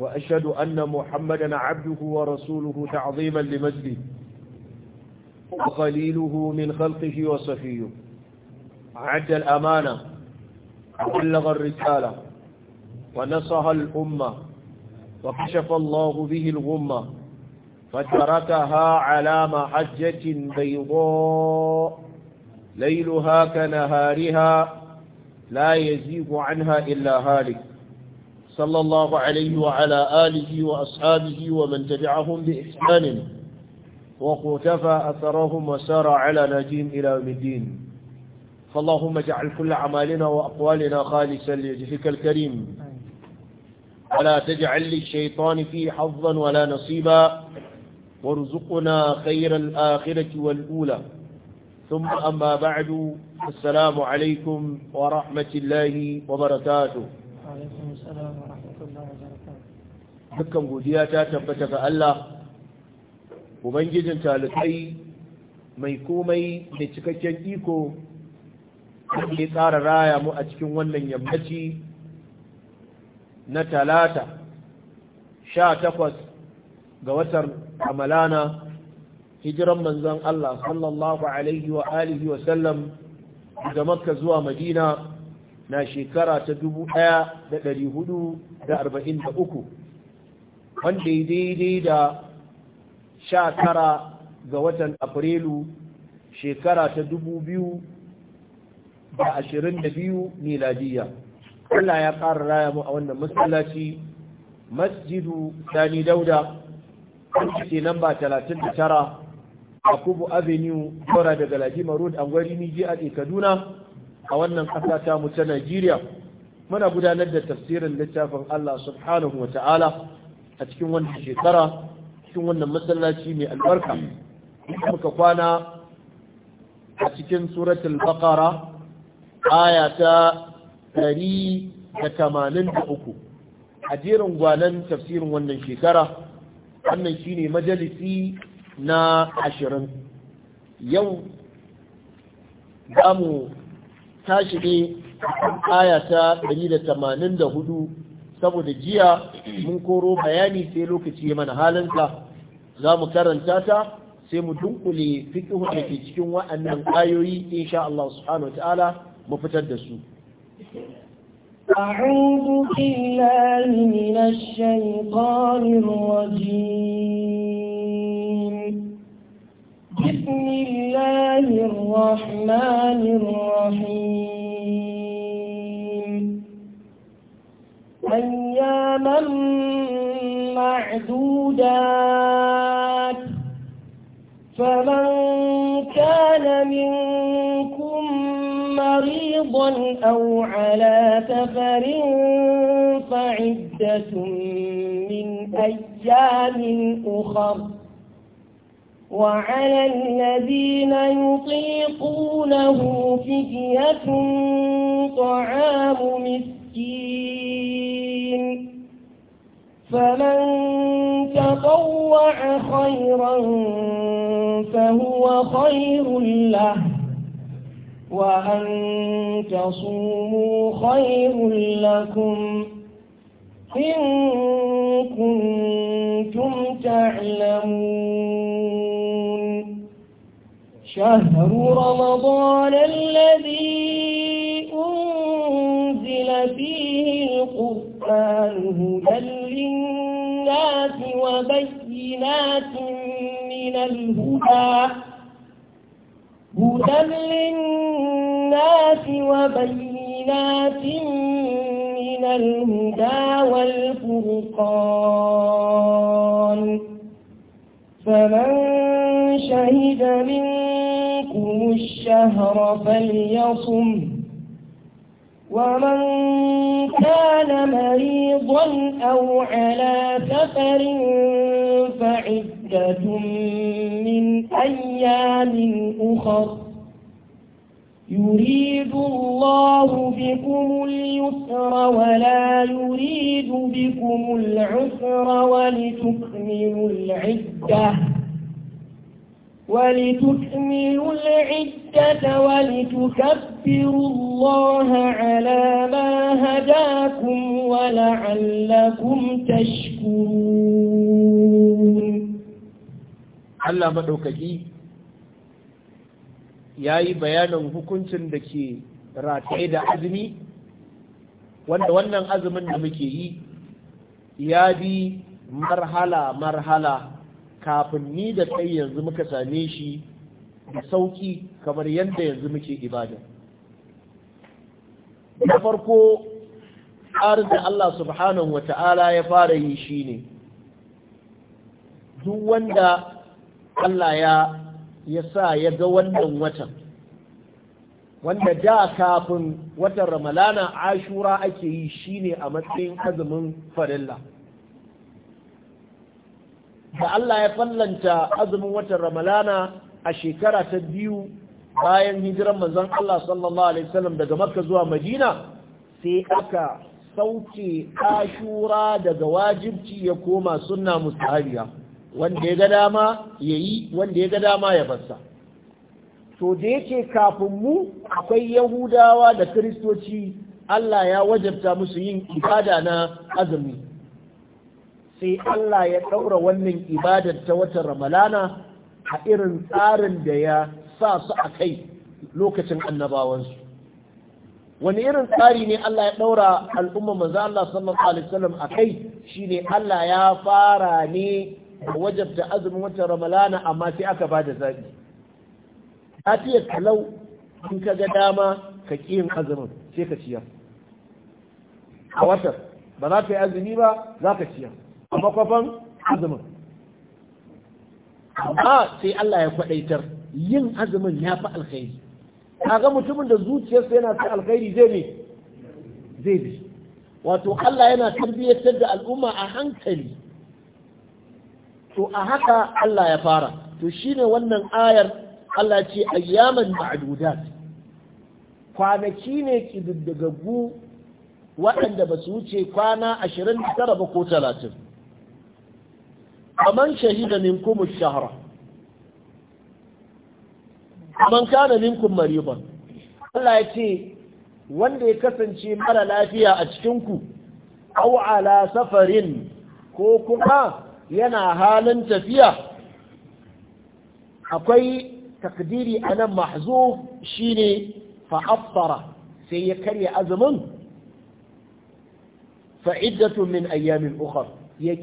وأشهد أن محمدا عبده ورسوله تعظيما لمجده وقليله من خلقه وصفيه عد الأمانة وبلغ الرسالة ونصها الأمة وكشف الله به الغمة فتركها على محجة بيضاء ليلها كنهارها لا يزيغ عنها إلا هالك صلى الله عليه وعلى آله وأصحابه ومن تبعهم بإحسان وقتفى أثرهم وسار على نجيم إلى يوم الدين فاللهم اجعل كل عمالنا وأقوالنا خالصا لجهك الكريم ولا تجعل للشيطان فيه حظا ولا نصيبا وارزقنا خير الآخرة والأولى ثم أما بعد السلام عليكم ورحمة الله وبركاته dukkan godiya ta tabbata ga Allah ubangijin talibai mai komai da cikakken iko ya tsara raya mu a cikin wannan yammaci na talata sha takwas ga watan amalana hijiran manzon Allah sallallahu alaihi wa alihi wa sallam daga makka zuwa madina na shekara ta 1443 wanda ya daidai da sha 19 ga watan afrilu shekara ta biyu da 2022 miladiya Allah ya ƙara raya mu a wannan masallaci masjidu sani dauda wanda ke namba tara a kubu avenue daura daga lajima road a gwari niji a kaduna a wannan ƙasa ta mu ta Najeriya muna gudanar da tafsirin littafin Allah subhanahu wa ta'ala a cikin wannan shekara cikin wannan masallaci mai albarka muka kwana a cikin suratul baqara aya ta 183 a jerin gwanan tafsirin wannan shekara wannan shine majalisi na ashirin yau za mu Ta ne aya ta 184 saboda jiya mun koro bayani sai lokaci ya mana halinka za mu karanta ta sai mu dunkule fiqhu da ke cikin wa'annan ayoyi insha Allah subhanahu wa ta'ala mu fitar da su أعوذ بالله من الشيطان الرجيم بسم الله الرحمن الرحيم أياما معدودات فمن كان منكم مريضا أو على سفر فعدة من أيام أخر وعلى الذين يطيقونه فدية طعام مسكين فمن تطوع خيرا فهو خير له وأن تصوموا خير لكم إن كنتم تعلمون شهر رمضان الذي أنزل فيه القرآن هدى للناس وبينات من الهدى هدى للناس وبينات من الهدى والفرقان فمن شهد منكم الشهر فليصم ومن كان مريضا أو على سفر فعدة من أيام أخر يريد الله بكم اليسر ولا يريد بكم العسر ولتكملوا العده ولتكملوا العدة ولتكبروا الله على ما هداكم ولعلكم تشكرون Allah maɗaukaki ya yi bayanin hukuncin da ke rataye da azumi wanda wannan azumin da muke yi ya bi marhala-marhala kafin ni da kai yanzu muka same shi da sauki kamar yadda yanzu muke ibada na farko tsarin da Allah subhanahu Ta'ala ya fara yi shi ne duk wanda Allah ya ya sa ya ga wannan watan wanda da kafin watan ramalana ashura ake yi shine a matsayin azumin farilla da Allah ya fallanta azumin watan Ramalana a shekara ta biyu bayan hijiran manzon Allah sallallahu alaihi wasallam daga Makka zuwa Madina sai aka sauke Ashura daga wajibci ya koma sunna mustahabiya wanda ya ga dama yayi wanda ya ga dama ya fassa. to da yake kafin mu akwai Yahudawa da Kiristoci Allah ya wajabta musu yin ibada na azumi sai Allah ya ɗaura wannan ibadar ta watan Ramalana a irin tsarin da ya sa su a kai lokacin annabawansu. Wani irin tsari ne Allah ya ɗaura al'umma maza Allah sallallahu Alaihi wasallam a kai shi ne Allah ya fara ne da wajabta azumin watan Ramalana amma sai aka ba da zaɓi. Lafiyar kalau in ka ga dama ka ƙi yin azumin sai ka ciyar. A watan ba za ka yi azumi ba za ka ciyar. a makwafan azumin amma sai Allah ya kwadaitar yin azumin ya fi alkhairi kaga mutumin da zuciyarsa yana ta alkhairi zai ne zai bi wato Allah yana tarbiyyatar da al'umma a hankali to a haka Allah ya fara to shine wannan ayar Allah ce ayyaman ma'dudat kwanaki ne kididdagaggu waɗanda ba su wuce kwana ashirin tara ba ko talatin. Aman shahida minkum ash-shahra faman kana minkum Allah ya ce wanda ya kasance mara lafiya a cikin ku aw ala safarin ko kuma yana halin tafiya akwai takdiri anan mahzu shine fa sai ya karya azumin fa min ayyamin ukhra ya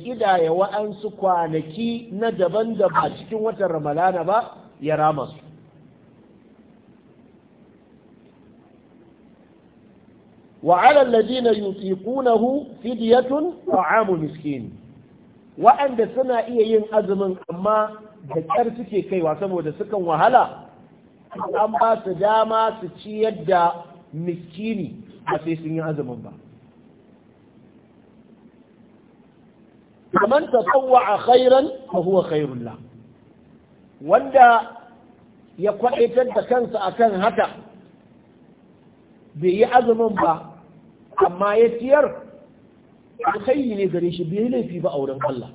ya wa'ansu kwanaki na daban da ba cikin watan ramalana ba ya rama su وعلى الذين fidiyatun فدية طعام مسكين wa'anda suna iya yin azumin amma da ƙyar suke kaiwa saboda sukan wahala an ba su dama su ciyar da miskini a sai sun yi azumin ba man tatawwa khairan fa huwa khairul wanda ya kwaitar da kansa akan haka bai yi azumin ba amma ya ciyar alkhairi ne gare shi bai laifi ba a wurin Allah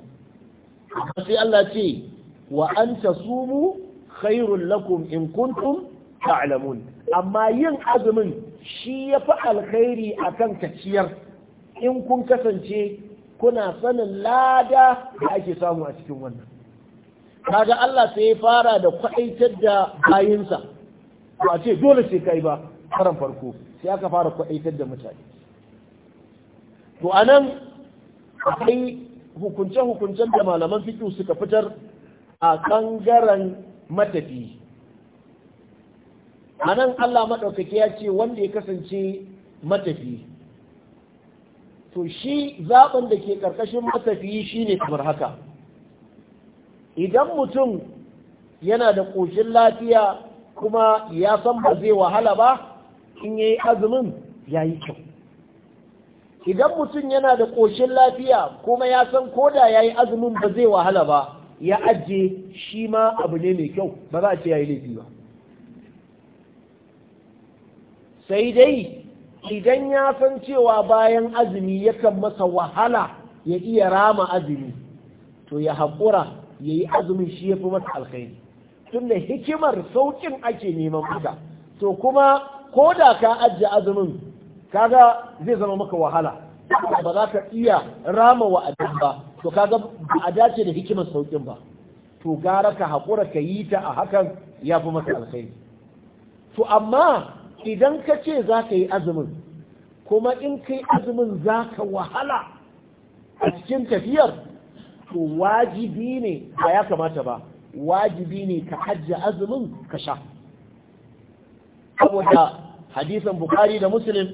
sai Allah ce wa an tasumu khairul lakum in kuntum ta'lamun amma yin azumin shi ya fi alkhairi akan ka ciyar in kun kasance kuna sanin lada da ake samu a cikin wannan kaga Allah sai ya fara da kwaɗaitar da bayinsa ba ce dole sai kai ba karan farko sai aka fara kwaɗaitar da mutane to anan akwai hukunce-hukuncen da malaman fiƙi suka fitar a ƙangaren matafi anan Allah maɗaukaki ya ce wanda ya kasance matafi to shi zaɓin da ke ƙarƙashin matafiyi shi ne kamar haka idan mutum yana da ƙoshin lafiya kuma ya san ba zai wahala ba in ya azumin ya yi kyau idan mutum yana da ƙoshin lafiya kuma ya san da ya yi azumin ba zai wahala ba ya ajiye shi ma abu ne mai kyau ba za a ce ya yi laifi ba sai dai idan ya san cewa bayan azumi yakan masa wahala ya iya rama azumi to ya haƙura ya yi azumin shi ya fi masa alkhairi da hikimar sauƙin ake neman maka to kuma ko da ka ajiye azumin kaga zai zama maka wahala ba za ka iya rama wa wa'adin ba to kaga ba a dace da hikimar sauƙin ba to gara ka haƙura ka yi ta a hakan ya fi masa alkhairi to amma idan ka ce za ka yi azumin kuma in ka yi azumin za ka wahala a cikin tafiyar to wajibi ne ba ya kamata ba wajibi ne ka hajji azumin ka sha saboda hadisan bukari da muslim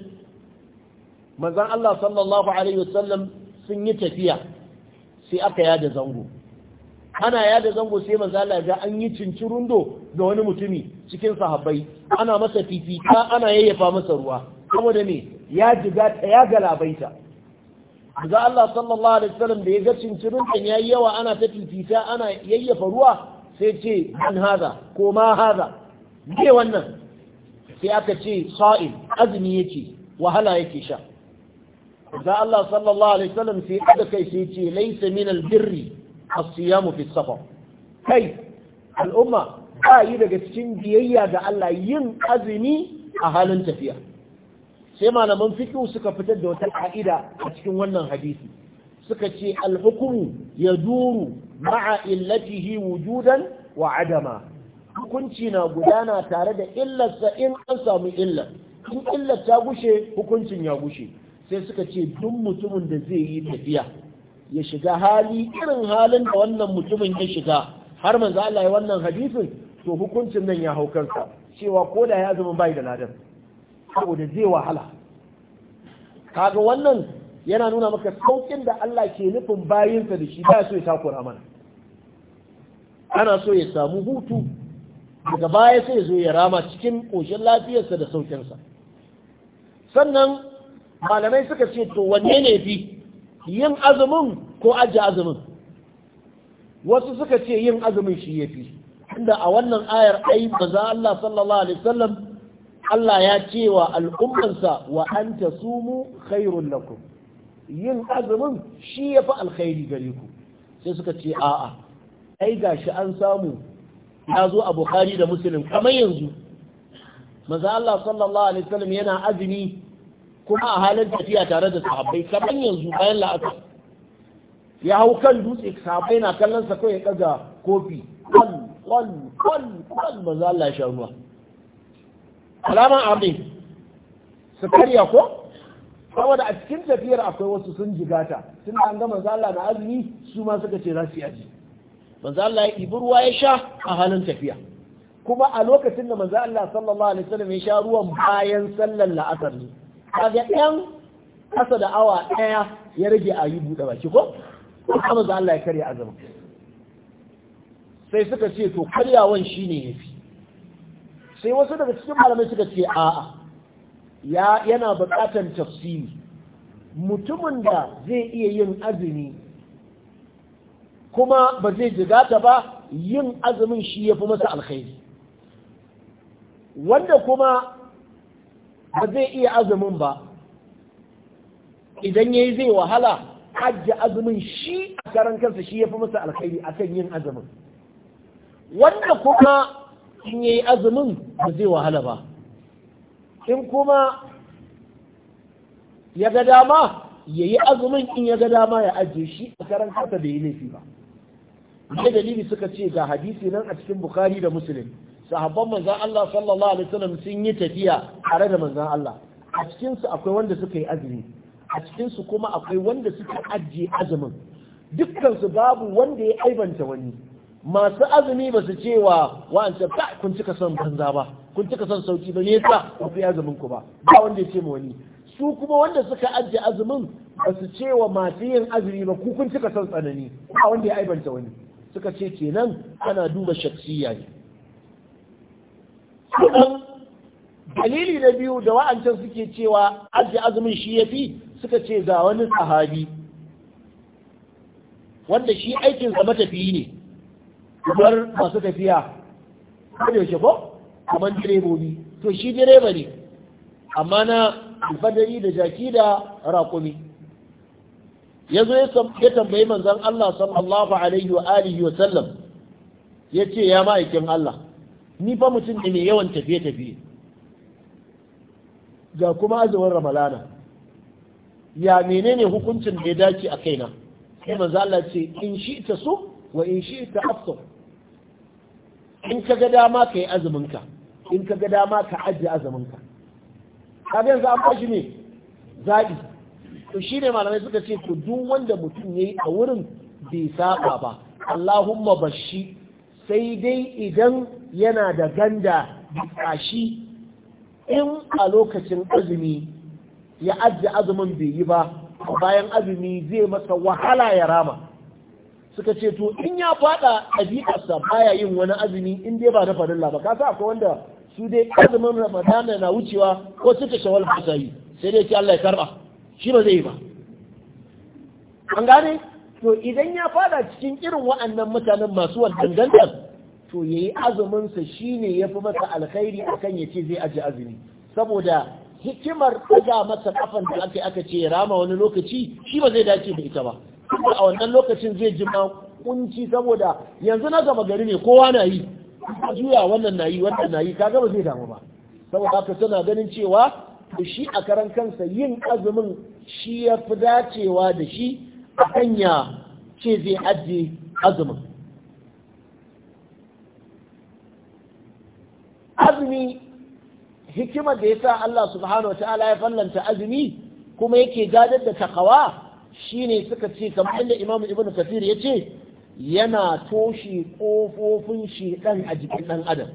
manzan Allah sallallahu alaihi wasallam sun yi tafiya sai aka yada zango ana yada zango sai manzan Allah ga an yi rundo da wani mutumi cikin sahabbai ana masa fifita ana yayyafa masa ruwa saboda me ya jiga ya galabaita da Allah sallallahu alaihi wasallam da ya ga cincirin kan yayi yawa ana ta fifita ana yayyafa ruwa sai ce an hada. ko ma hada? me wannan sai aka ce sa'il azumi yake wahala yake sha da Allah sallallahu alaihi wasallam sai aka kai sai ce laysa min birri as-siyam fi safar kai al'umma ba yi daga cikin biyayya ga Allah yin azumi a halin tafiya sai malaman fiqh suka fitar da wata ka'ida a cikin wannan hadisi suka ce al-hukmu yaduru ma'a illatihi wujudan wa adama hukunci na gudana tare da illarsa in an samu illa in illar ta gushe hukuncin ya gushe sai suka ce duk mutumin da zai yi tafiya ya shiga hali irin halin da wannan mutumin ya shiga har manzo Allah ya wannan hadisin to hukuncin nan ya hau kansa cewa ko da ya zama bai da ladan saboda zai wahala kaga wannan yana nuna maka saukin da Allah ke nufin bayinsa da shi ba so ya takura mana ana so ya samu hutu daga baya sai zo ya rama cikin koshin lafiyarsa da saukinsa sannan malamai suka ce to wanne ne fi yin azumin ko ajiye azumin wasu suka ce yin azumin shi ya fi tunda a wannan ayar ai maza Allah sallallahu alaihi wasallam Allah ya ce wa al'ummansa wa an tasumu khairun lakum yin azumin shi ya fi alkhairi gare ku sai suka ce a'a ai ga shi an samu ya zo a Bukhari da Muslim kamar yanzu maza Allah sallallahu alaihi wasallam yana azumi kuma a halin tafiya tare da sahabbai kamar yanzu bayan la'asar ya hau kan dutse sahabbai na kallon sa kawai ya kofi kwal ko saboda a cikin tafiyar akwai wasu sun jigata tun an ga manzala na azumi su ma suka ce za su yi aji ya ibi ruwa ya sha a halin tafiya kuma a lokacin da manzala sallallahu alaihi wasallam ya sha ruwan bayan sallar la'asar ne kaga ɗan kasa da awa ɗaya ya rage a yi buɗe baki ko kuma manzala ya karya azumi sai suka ce to karyawan shine yafi sai wasu daga cikin malamai suka ce a'a ya yana buƙatar tafsiri mutumin da zai iya yin azumi kuma ba zai jigata ba yin azumin shi ya fi masa alkhairi wanda kuma ba zai iya azumin ba idan ya yi zai wahala hajji azumin shi a karan kansa shi ya fi masa alkhairi akan yin azumin wanda kuma in yayi azumin ba zai wahala ba in kuma ya ga dama ya yi azumin in ya ga dama ya ajiye shi a karan kasa bai yi laifi ba ne dalili suka ce ga hadisi nan a cikin bukhari da muslim sahabban manzan Allah sallallahu alaihi wasallam sun yi tafiya tare da manzan Allah a cikinsu akwai wanda suka yi azumi a cikinsu kuma akwai wanda suka ajiye azumin dukkansu babu wanda ya aibanta wani masu azumi ba su cewa wa'anta ba kun cika son banza ba kun cika son sauki ba ne yasa ba ku azumin ku ba ba wanda ya ce ma wani su kuma wanda suka ajiye azumin ba su cewa masu yin azumi ba ku kun cika son tsanani ba wanda ya aibanta wani suka ce kenan ana duba shaksiya ne dalili na biyu da wa'ancan suke cewa ajiye azumin shi ya fi suka ce ga wani sahabi wanda shi aikinsa matafiyi ne kamar masu tafiya kada yaushe ko kamar direbobi to shi direba ne amma na alfadari da jaki da raƙumi ya zo ya tambayi manzan Allah sallallahu alaihi wa alihi wa sallam ya ce ya ma'aikin Allah ni fa mutum ne mai yawan tafiye-tafiye ga kuma azumin ramalana ya menene hukuncin da ya dace a kaina sai manzo Allah ce in shi ta so wa in shi ta afsar in ka ga dama ka yi azuminka in ka ga dama ka ajiye azuminka kaga yanzu an bashi ne zaɓi to shi ne malamai suka ce ku duk wanda mutum ya yi a wurin bai saba ba Allahumma bashi sai dai idan yana da ganda kashi in a lokacin azumi ya ajiye azumin bai yi ba bayan azumi zai masa wahala ya rama suka ce to in ya fada ɗabi'arsa baya yin wani azumi in dai ba na farilla ba kasa akwai wanda su dai azumin ramadana na wucewa ko suka shawal ba sai dai ce Allah ya karba shi ba zai yi ba an gane to idan ya fada cikin irin wa'annan mutanen masu wannan dandan to yayi azumin sa shine yafi masa alkhairi akan yace zai aje azumi saboda hikimar ɗaga masa kafan da aka aka ce rama wani lokaci shi ba zai dace da ita ba a wannan lokacin zai ji ma saboda yanzu na gama gari ne kowa na yi a juya wannan na yi wannan na yi ka ba zai damu ba saboda haka tana ganin cewa da shi a karan kansa yin azumin shi ya fi dacewa da shi a hanya ce zai ajiye azumin azumi hikimar da ya sa Allah subhanahu wa ta'ala ya fallanta azumi kuma yake gadar da takawa shine suka ce kamar inda imamu Ibn kafir ya ce yana toshe ƙofofin shedan a jikin ɗan adam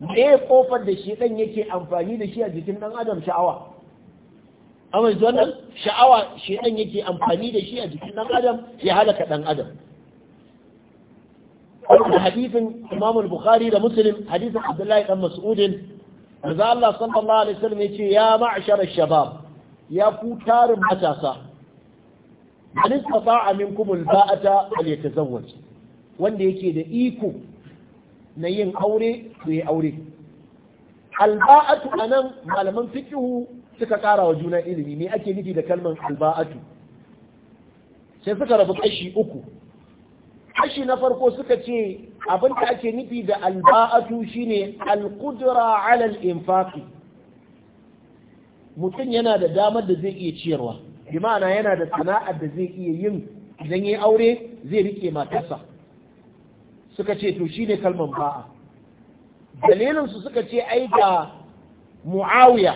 me kofar da shedan yake amfani da shi a jikin ɗan adam sha'awa amma zuwan sha'awa shedan yake amfani da shi a jikin ɗan adam ya halaka ɗan adam da hadisin Imam Bukhari da Muslim hadisin Abdullahi dan Mas'udin, manzo Allah sallallahu alaihi wasallam yace ya ma'shar shabab ya ku tarin matasa man istata'a minkum alba'ata falyatazawwaj wanda yake da iko na yin aure to yi aure alba'atu anan malaman fiqhu suka ƙara wa juna ilimi ne ake nufi da kalmar alba'atu sai suka rabu kashi uku kashi na farko suka ce abin da ake nufi da alba'atu shine alqudra ala al-infaqi mutum yana da damar da zai iya ciyarwa bi ma'ana yana da sana'ar da zai iya yin idan ya aure zai rike matarsa suka ce to shine kalman ba'a Dalilinsu suka ce ai ga muawiya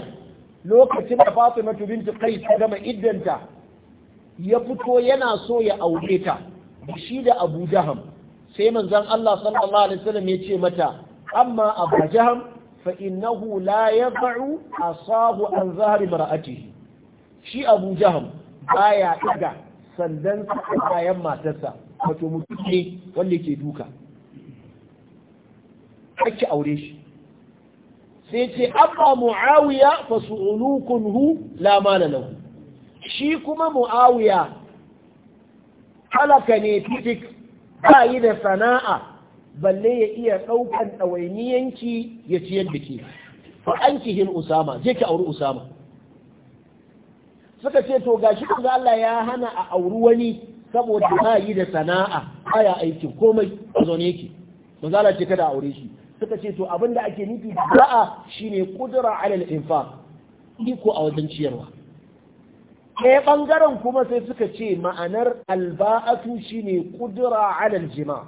lokacin da fatimatu na qais ta gama iddanta ya fito yana so ya aure ta shi da abu jaham sai manzon Allah sallallahu alaihi wasallam ya ce mata amma abu jaham fa innahu la yad'u asahu an zahri mar'atihi shi abu jaham baya daga sandan bayan matarsa wato mutum ne wanda ke duka ake aure shi sai ce abba mu'awiya fa hu la mala lahu shi kuma mu'awiya halaka ne fitik ba yi da sana'a balle ya iya ɗaukan ɗawainiyanki ya ciyar da ke fa an kihin usama je ki auri usama suka ce to gashi kuma Allah ya hana a auri wani saboda ba yi da sana'a aya aiki komai a zaune yake manzo Allah ce kada aure shi suka ce to abin da ake nufi da da'a shine qudra ala al-infaq iko a wajen ciyarwa ɗaya ɓangaren kuma sai suka ce ma'anar alba'atu shine kudura alal jima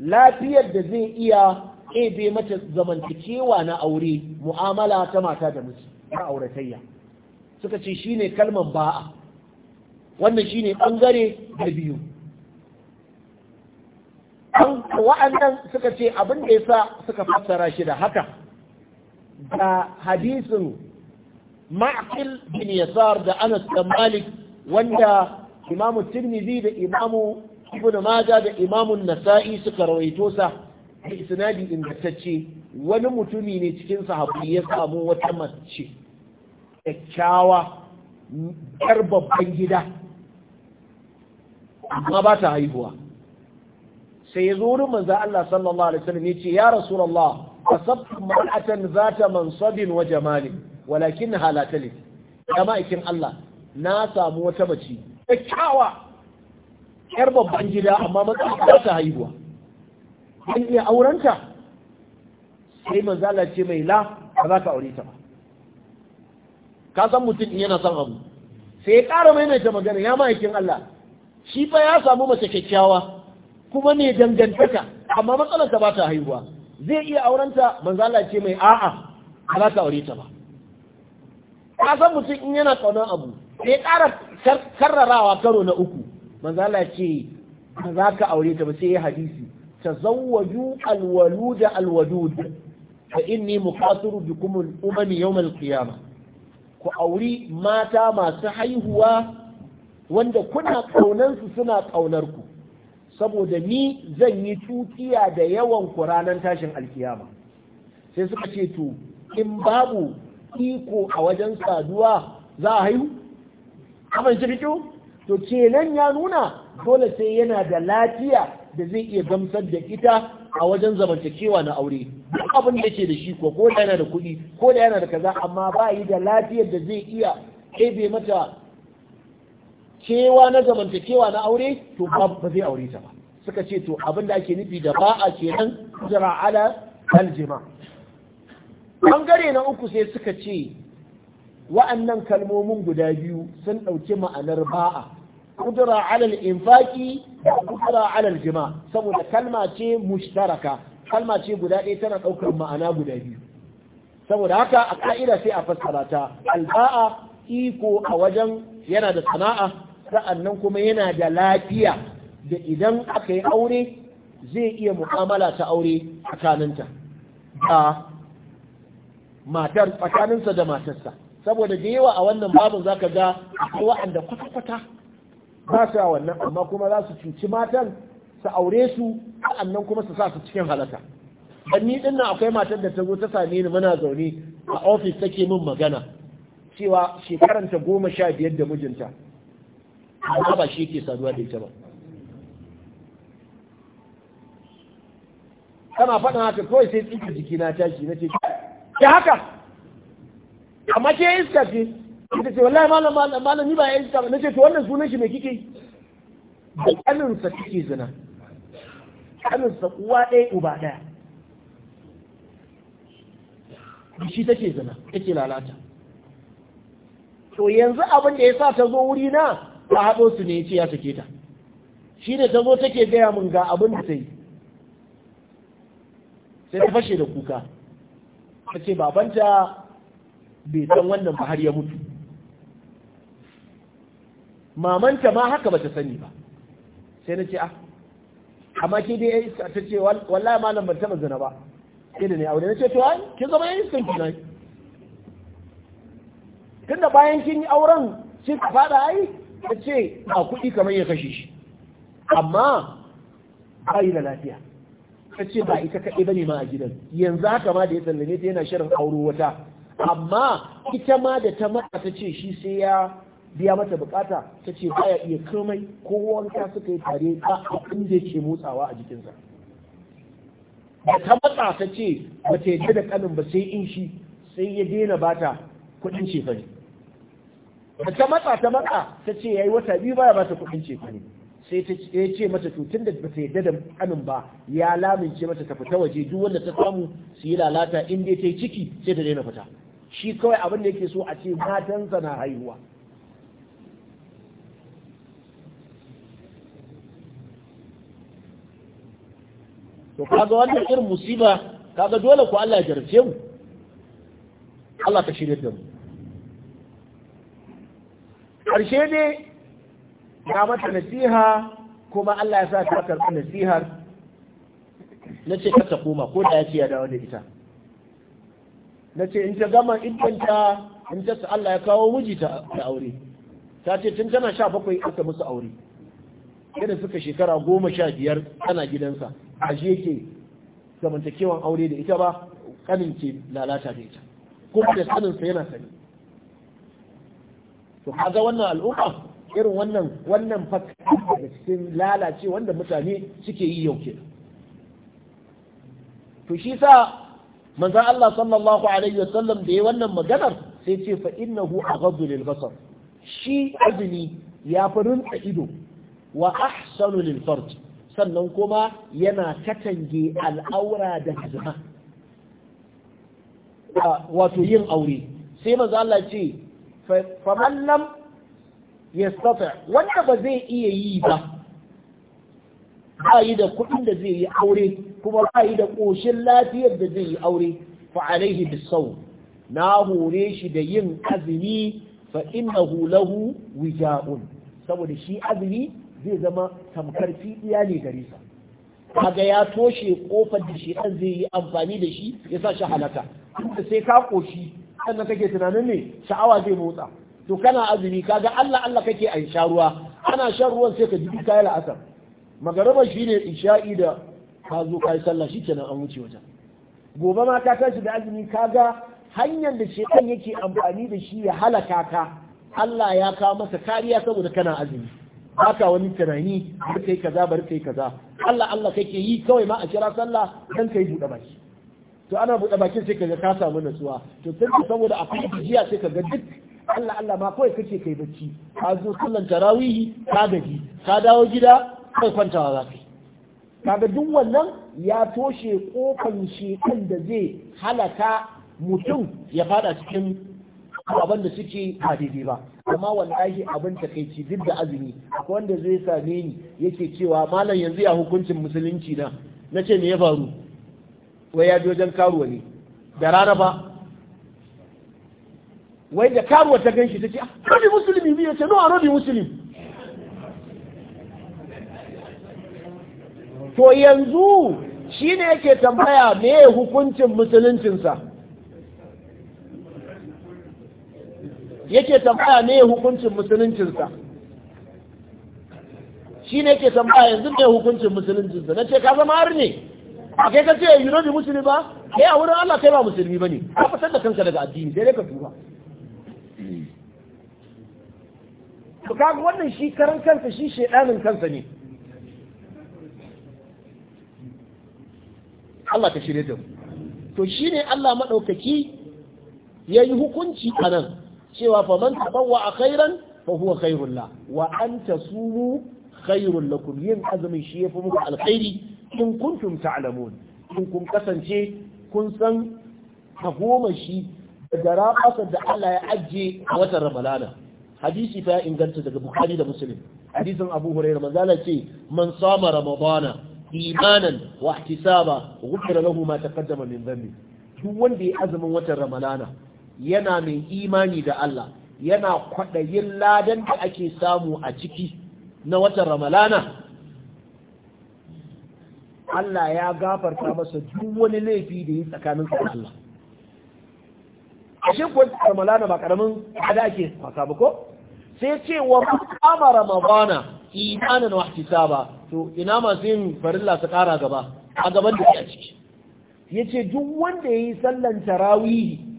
lafiyar da zai iya ebe mata zamantakewa na aure mu'amala ta mata da miji na auratayya suka ce shi ne kalmar ba'a wannan ne ɓangare da biyu wa'annan suka ce abin da ya sa suka fassara shi da haka da hadisin ma'qil bin yasar da Anas da Malik wanda Imamu Tirmizi da Imamu Ibn da Imamun Nasa'i suka rawaito sa da isnadi ingantacce wani mutumi ne cikin sahabbai ya samu wata mace kyakkyawa yar babban gida amma ba ta haihuwa sai ya zo wurin manzo Allah sallallahu alaihi wasallam ya ce ya rasulullah asabtu mar'atan zata mansabin wa jamani, walakin la talid ya ma'aikin Allah na samu wata mace kyakkyawa yar babban gida amma matsayin ba ta haihuwa Ban iya aurenta sai manzo ce mai la ba za ka aure ta ba ka san mutum in yana son abu sai ya ƙara maimaita magana ya ma'aikin Allah shi fa ya samu mace kyakkyawa kuma ne dangantaka amma matsalar ta ba ta haihuwa zai iya aurenta manzo Allah ce mai a'a ba za ta aure ta ba ka san mutum in yana kaunar abu sai ƙara karrarawa karo na uku manzo Allah ce ba za ka aure ta ba sai ya hadisi tazawwaju alwalud alwadud fa inni muqatiru bikum al-umam yawm al-qiyamah ku auri mata masu haihuwa wanda kuna ƙaunansu suna ƙaunar ku saboda ni zan yi tutiya da yawan ku ranar tashin alkiyama sai suka ce to in babu iko a wajen saduwa za a haihu abin shi to kenan ya nuna dole sai yana da lafiya da zai iya gamsar da ita a wajen zamantakewa na aure duk abin da yake da shi ko ko da yana da kuɗi ko da yana da kaza amma ba yi da lafiyar da zai iya ebe mata kewa na zamantakewa na aure to ba zai aure ta ba suka ce to abin da ake nufi da ba'a kenan jira ala aljima bangare na uku sai suka ce wa'annan kalmomin guda biyu sun ɗauki ma'anar ba'a kudura alal infaki da kudura alal jima saboda kalma ce mushtaraka kalma ce guda ɗaya tana ɗaukar ma'ana guda biyu saboda haka a ƙa'ida sai a fassara ta alba'a iko a wajen yana da sana'a sa'annan kuma yana da lafiya da idan aka yi aure zai iya mu'amala ta aure matar tsakaninsa da matarsa saboda da yawa a wannan babin zaka ga akwai waɗanda kwata-kwata ba sa wannan amma kuma za su cuci matan su aure su sa'annan kuma su sa su cikin halaka dan ni dinnan akwai matar da ta zo ta same ni muna zaune a ofis take min magana cewa shekaranta goma sha biyar da mijinta amma ba shi ke saduwa da ita ba tana faɗin haka kawai sai tsinka jikina tashi na ce Ya haka amma ke iska ce ita ce wallahi malam malam malam ni ba ya iska ba nace to wannan sunan shi me kike da kanin sa kike zina kanin sa uwa ɗaya uba ɗaya shi take zina take lalata to yanzu abin da ya sa ta zo wuri na ta haɗo su ne ce ya sake ta shi ne ta zo take gaya min ga abin da ta yi sai ta fashe da kuka ta ce babanta bai san wannan ba har ya mutu mamanta ma haka bata sani ba sai na ce a, ah, amma ke dai yayi iska ta ce wallahi malam ban taba zina ba ke da ne aure na ce to ai kin zama yayi iska ki nai tunda bayan kin yi auren sai ka fada ai ta ce a kuɗi kamar ya kashe shi amma ba yi da lafiya ta ce ba ita kaɗai ba ne ma a gidan yanzu haka ma da ya sallame ta yana shirin auro wata amma ita ma da ta mata ta ce shi sai ya biya mata bukata ta ce baya iya komai ko wanka suka yi tare ba abin da yake motsawa a jikinsa da ta matsa ta ce ba ta yadda da kanin ba sai in shi sai ya daina bata kudin cefane da ta matsa ta matsa ta ce yi wata biyu baya bata kudin cefane sai ta ce mata tutun da ba ta yadda da kanin ba ya lamince mata ta fita waje duk wanda ta samu su yi lalata in dai ta yi ciki sai ta daina fita shi kawai abin da yake so a ce matansa na haihuwa to kaga wannan irin musiba kaga dole ku Allah ya jarfe mu Allah ta shirye da mu karshe ne ya mata nasiha kuma Allah ya sa ta karɓi nasihar na ce ka ta koma ko da ya ce ya dawo da ita na ce in ta gama iddanta in ta Allah ya kawo miji ta aure ta ce tun tana sha bakwai aka musu aure irin suka shekara goma sha biyar tana gidansa ashe ke zamantakewan aure da ita ba kanin ke lalata da ita kuma da sanin sa yana sani to kaga wannan al'umma irin wannan wannan fakka da cikin lalace wanda mutane suke yi yau kenan to shi sa manzon Allah sallallahu alaihi da ya wannan maganar sai ce fa innahu aghaddu lil basar shi azumi ya fi rinta ido wa ahsanu lil farji sannan kuma yana katange al'aura da zama wato yin aure sai maza Allah ce faman ya yastata wanda ba zai iya yi ba ba yi da kuɗin da zai yi aure kuma ba yi da ƙoshin lafiyar da zai yi aure fa alaihi bisau na hore shi da yin azumi fa lahu wija'un saboda shi azumi zai zama tamkar fidiya ne gare sa kaga ya toshe kofar da shi zai yi amfani da shi ya sa shi halaka da sai ka koshi sannan kake tunanin ne sha'awa zai motsa to kana azumi kaga Allah Allah kake a sharuwa ruwa ana shan ruwan sai ka ji yi la'asar magaraba ne isha'i da ka zo yi sallah shikenan an wuce wajen gobe ma ka tashi da azumi kaga hanyar da shekan yake amfani da shi ya halaka ka Allah ya kawo masa kariya saboda kana azumi baka wani tunani bar kai kaza bar kai kaza Allah Allah kake yi kawai ma a kira sallah dan kai buɗe baki to ana buɗe bakin sai kaga ka samu nasuwa. to tun saboda akwai jiya sai kaga duk Allah Allah ma kawai kake kai bacci ka zo sallan tarawihi ka gaji ka dawo gida kai kwantawa za ka kaga duk wannan ya toshe kofan shekan da zai halaka mutum ya fada cikin abin da suke ba daidai ba amma wallahi abin takaici duk da azumi akwai wanda zai same ni yake cewa malam yanzu ya hukuncin musulunci na na ce me ya faru wai ya wajen karuwa ne da rana ba wai da karuwa ta ganshi ta ce ah, rabi musulmi biyu ce nawa rabi musulmi to yanzu shi ne yake tambaya me hukuncin musuluncinsa yake tambaya ne hukuncin musuluncinsa shi ne yake tambaya yanzu ne hukuncin musuluncinsa na ce ka zama har ne a kai ka ce yi yi the musulmi ba kai a wurin Allah kai ba musulmi ba ne ka fitar da kanka daga addini sai dai ka tuba to kaga wannan shi karan kansa shi shedanin kansa ne Allah ta shirye ta to shine Allah madaukaki yayi hukunci a nan. cewa fa man a khairan fa huwa khairul la wa an tasumu khairul lakum yin azumin shi yafi muku alkhairi in kuntum ta'lamun in kun kasance kun san goma shi da rabasa da Allah ya ajje a watan Ramadana hadisi fa inganta daga Bukhari da Muslim hadisin Abu Hurairah manzala ce man sama Ramadana imanan wa ihtisaba ghufira lahu ma taqaddama min dhanbi duk wanda ya azumin watan Ramadana yana mai imani da Allah yana kwaɗayin ladan da ake samu a ciki na watan ramalana Allah ya gafarta masa duk wani laifi da ya tsakanin da Allah ashe kuwa ramalana ba karamin hada ake fasa ba ko sai ce wa kama ramadana imanin wahtisa ba to ina masu yin farilla su kara gaba a gaban da ya ciki ya ce duk wanda ya yi sallan tarawihi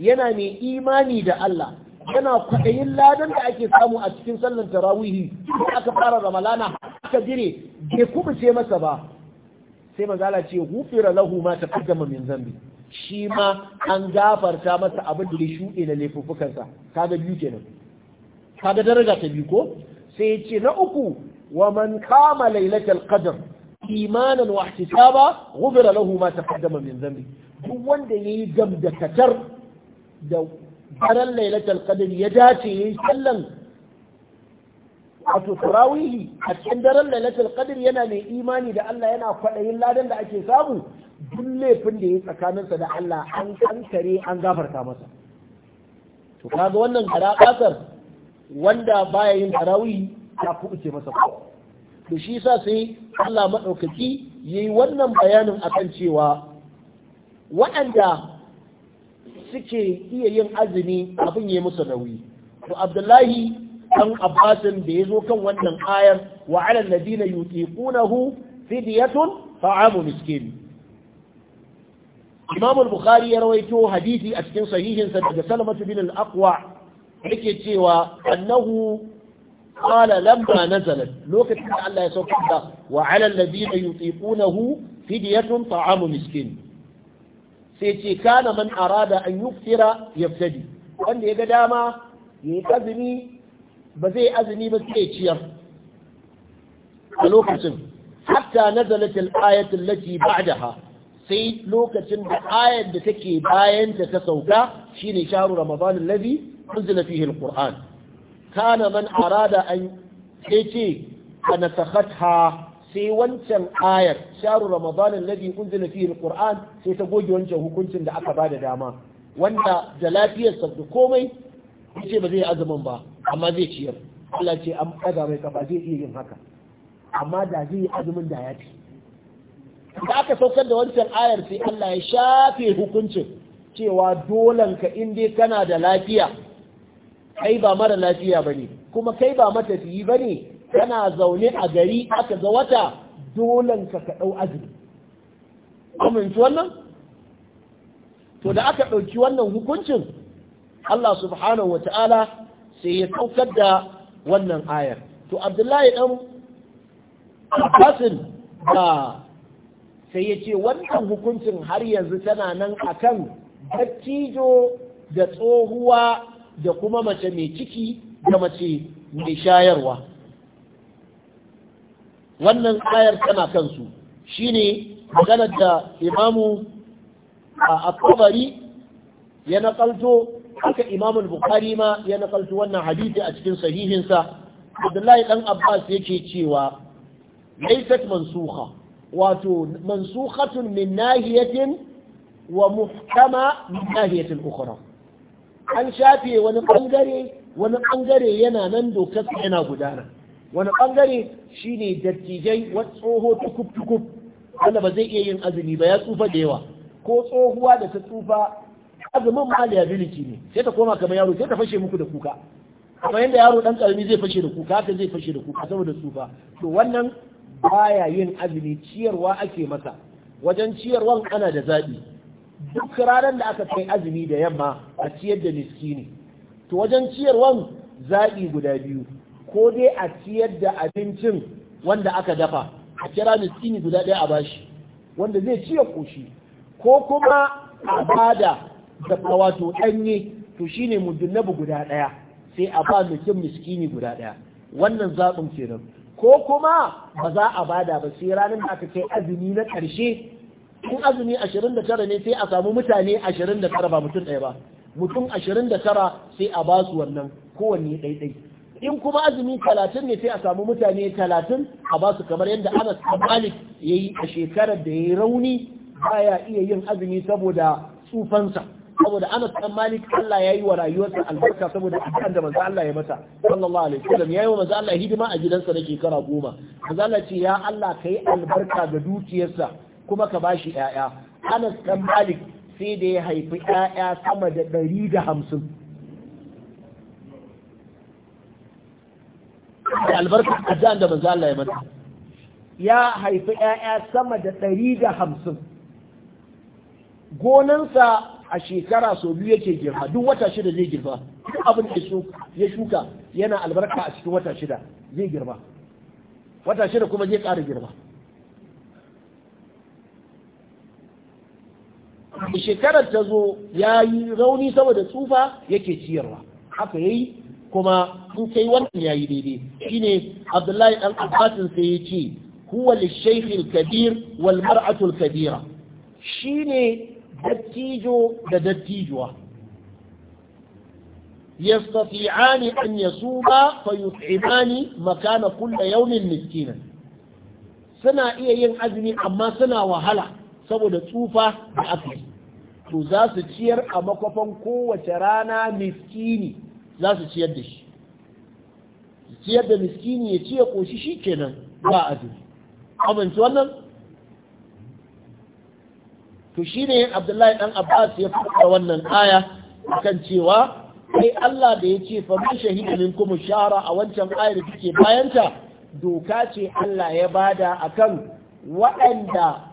yana mai imani da Allah yana kwaɗayin ladan da ake samu a cikin sallan tarawihi ko aka fara ramalana aka dire bai kubuce masa ba sai manzala ce hufira lahu ma taqaddama min zambi shi ma an gafarta masa abin da ya shuɗe na laifuffukansa kaga biyu kenan kaga daraja ta biyu ko sai ce na uku wa man kama lailatul qadr imanan wa ihtisaba ghufira lahu ma taqaddama min zambi duk wanda yayi gamdakatar da daren lailatul qadr ya dace yi sallan wato tarawihi a cikin daren lailatul qadr yana mai imani da Allah yana kwaɗayin ladan da ake samu duk laifin da ya tsakaninsa da Allah an kankare an gafarta masa to kaga wannan garabatar wanda baya yin tarawihi ta kuɓuce masa ko to shi yasa sai Allah madaukaki yayi wannan bayanin akan cewa waɗanda suke iya yin azumi abin ya musu nauyi to abdullahi dan abbasin da ya zo kan wannan ayar wa ala alladhina yutiqunahu fidyatun ta'amu miskin imam al-bukhari ya rawaito hadisi a cikin sahihinsa daga salamatu bin al-aqwa yake cewa annahu qala lamma nazalat lokacin da Allah ya sauka da wa ala alladhina sai ce kana man arada an yuftira yaftadi wanda ya ga dama yayi azumi ba zai azumi ba sai ciyar a lokacin hatta nazalat al-ayat allati ba'daha sai lokacin da ayar da take bayan ta sauka shine shahru ramadan allazi unzila fihi al-qur'an kana man arada an sai ce ana sakhatha sai wancan ayar sharu ramadan alladhi unzila fihi alquran sai ta goge wancan hukuncin da aka bada dama wanda da lafiyar sa da komai yace ba zai azumin ba amma zai ciyar Allah ce an kaza mai kafa zai iya yin haka amma da zai azumin da ya fi da aka saukar da wancan ayar sai Allah ya shafe hukuncin cewa dolanka in dai kana da lafiya kai ba mara lafiya bane kuma kai ba matafiyi bane kana zaune a gari aka ga wata dolan ka ka ɗau azumi amince wannan to da aka ɗauki wannan hukuncin Allah subhanahu wa ta'ala sai ya ɗaukar da wannan ayar to abdullahi ɗan Fasin da sai ya ce wannan hukuncin har yanzu tana nan akan dattijo da tsohuwa da kuma mace mai ciki da mace mai shayarwa wannan ayar tana kansu shine maganar da imamu a Akwabari ya nakalto haka imamun bukhari ma ya nakalto wannan hadisi a cikin sahihinsa abdullahi dan abbas yake cewa laysat mansukha wato mansukhatun min nahiyatin wa muhkama min nahiyatin ukhra an shafe wani bangare wani bangare yana nan dokar yana gudana wani ɓangare shi ne dattijai wani tsoho tukub tukub wanda ba zai iya yin azumi ba ya tsufa da yawa ko tsohuwa da ta tsufa azumin ma liability ne sai ta koma kamar yaro sai ta fashe muku da kuka kuma yadda yaro dan karami zai fashe da kuka haka zai fashe da kuka saboda tsufa to wannan baya yin azumi ciyarwa ake masa wajen ciyarwan ana da zaɓi duk ranar da aka kai azumi da yamma a ciyar da miskini to wajen ciyarwan zaɓi guda biyu ko dai a ciyar da abincin wanda aka dafa a kira miskini guda ɗaya a bashi wanda zai ciye koshi ko kuma a bada da wato ɗanye to shine mudunnabu guda ɗaya sai a ba mutum miskini guda ɗaya wannan zaɓin kenan ko kuma ba za a bada ba sai ranar da aka kai azumi na ƙarshe in azumi 29 ne sai a samu mutane 29 ba mutum ɗaya ba mutum 29 sai a ba su wannan kowanne ɗaiɗai in kuma azumi talatin ne sai a samu mutane talatin a ba su kamar yadda anas malik ya yi a shekarar da ya yi rauni baya iya yin azumi saboda tsufansa saboda anas malik Allah ya yi wa rayuwarsa albarka saboda addu'an da manzo Allah ya mata sallallahu alaihi wasallam yi wa manzo Allah hidima a gidansa na shekara goma manzo Allah ce ya Allah kai albarka ga dukiyarsa kuma ka bashi 'ya'ya. anas dan malik sai da ya haifi 'ya'ya sama da ɗari da hamsin da albarka addu'an da manzo Allah ya mata ya haifi 'ya'ya sama da ɗari da hamsin gonansa a shekara sau biyu yake girma duk wata shida zai girma duk abin da ya shuka yana albarka a cikin wata shida zai girma wata shida kuma zai ƙara girma shekarar ta zo ya yi rauni saboda tsufa yake ciyarwa haka yayi kuma in kai wannan yayi daidai shine Abdullahi dan Abbasin sai yace huwa lishayhi alkabir walmar'atu alkabira shine dattijo da dattijuwa yastati'ani an yasuba fa yut'imani makana kulli yaunin miskina suna iya yin azumi amma suna wahala saboda tsufa da akli to za su ciyar a makofan kowace rana miskini za su ciyar da shi ciyar da miskini ya ci ya shi kenan ba a azumi amince wannan to shi ne abdullahi ɗan abbas ya fara wannan aya kan cewa kai Allah da ya ce fa shahidu shahida kuma shara a wancan ayar da take bayanta doka ce Allah ya bada a kan waɗanda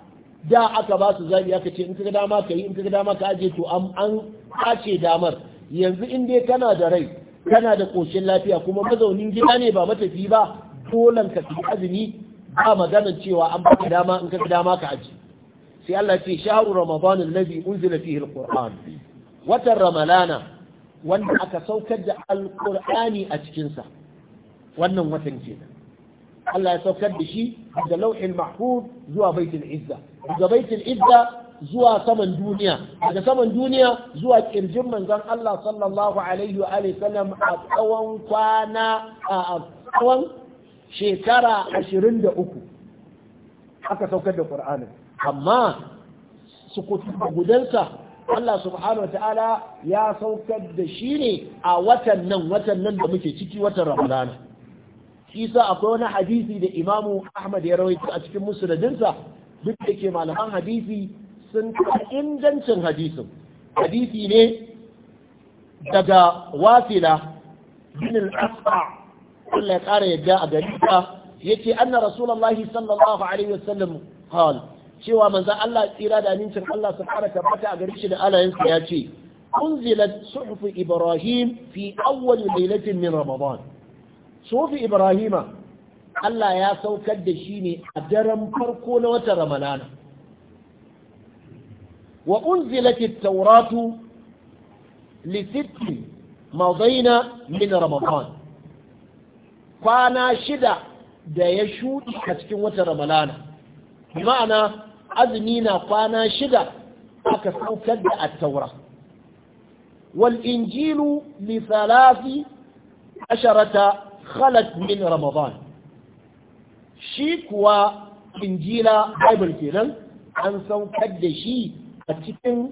da aka ba su zabi aka ce in kaga dama ka yi in ka dama ka aje to an ace damar yanzu in dai tana da rai kana da ƙoshin lafiya kuma mazaunin gida ne ba matafi ba dolan ka fi azumi ba maganar cewa an baka dama in ka dama ka aji sai Allah ce shahru ramadan allazi unzila fihi alquran watan ramalana wanda aka saukar da alqur'ani a cikin sa wannan watan kenan Allah ya saukar da shi daga lauhin mahfuz zuwa baitul izza daga baitul izza zuwa saman duniya daga saman duniya zuwa kirjin manzon Allah sallallahu alaihi wa sallam a tsawon kwana a tsawon shekara 23 aka saukar da Qur'anin amma su gudansa Allah subhanahu wa ta'ala ya saukar da shi ne a watan nan watan nan da muke ciki watan Ramadana Isa akwai wani hadisi da Imamu Ahmad ya rawaito a cikin musnadinsa duk da ke malaman hadisi sun taɓa ingancin hadisin hadisi ne daga wasila bin al-asqa ya ƙara yadda a ya ce, an anna Rasulallah sallallahu alaihi wasallam hal cewa manzo Allah tsira da amincin Allah subhanahu tabbata a gari shi da alayansa ya ce unzilat suhuf ibrahim fi awwal laylatin min ramadan suhuf ibrahima Allah ya saukar da shi ne a daren farko na watan Ramadana wa unzilatit tauratu lititin sittin madaina min ramadan kwana shida da ya shuɗi a cikin watan ramalana ma'ana azumi na kwana shida aka saukar da attaura wal injilu li thalathi asharata khalad min ramadan shi kuwa injila bible kenan an saukar da shi a cikin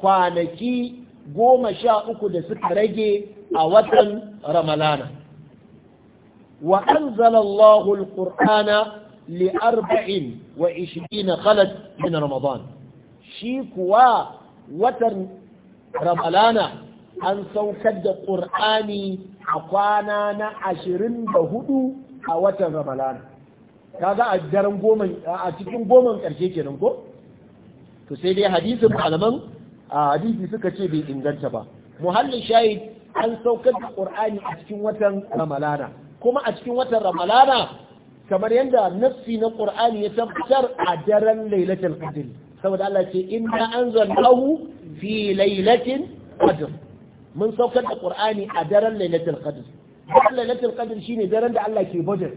kwanaki goma sha uku da suka rage a watan ramalana wa anzalallahu alqur'ana li arba'in wa ishirina khalad min ramadan shi kuwa watan ramalana an saukar da ƙur'ani a kwana na ashirin da hudu a watan ramalana kaga a daren goma a cikin goma ƙarshe kenan ko to sai dai hadisin malaman a hadisi suka ce bai inganta ba muhallin shahid an saukar da qur'ani a cikin watan ramalana kuma a cikin watan ramalana kamar yadda nassi na qur'ani ya tabbatar a daren lailatul qadr saboda Allah ce inna anzalnahu fi lailatin qadr mun saukar da qur'ani a daren lailatul qadr daren lailatul qadr shine daren da Allah ke budget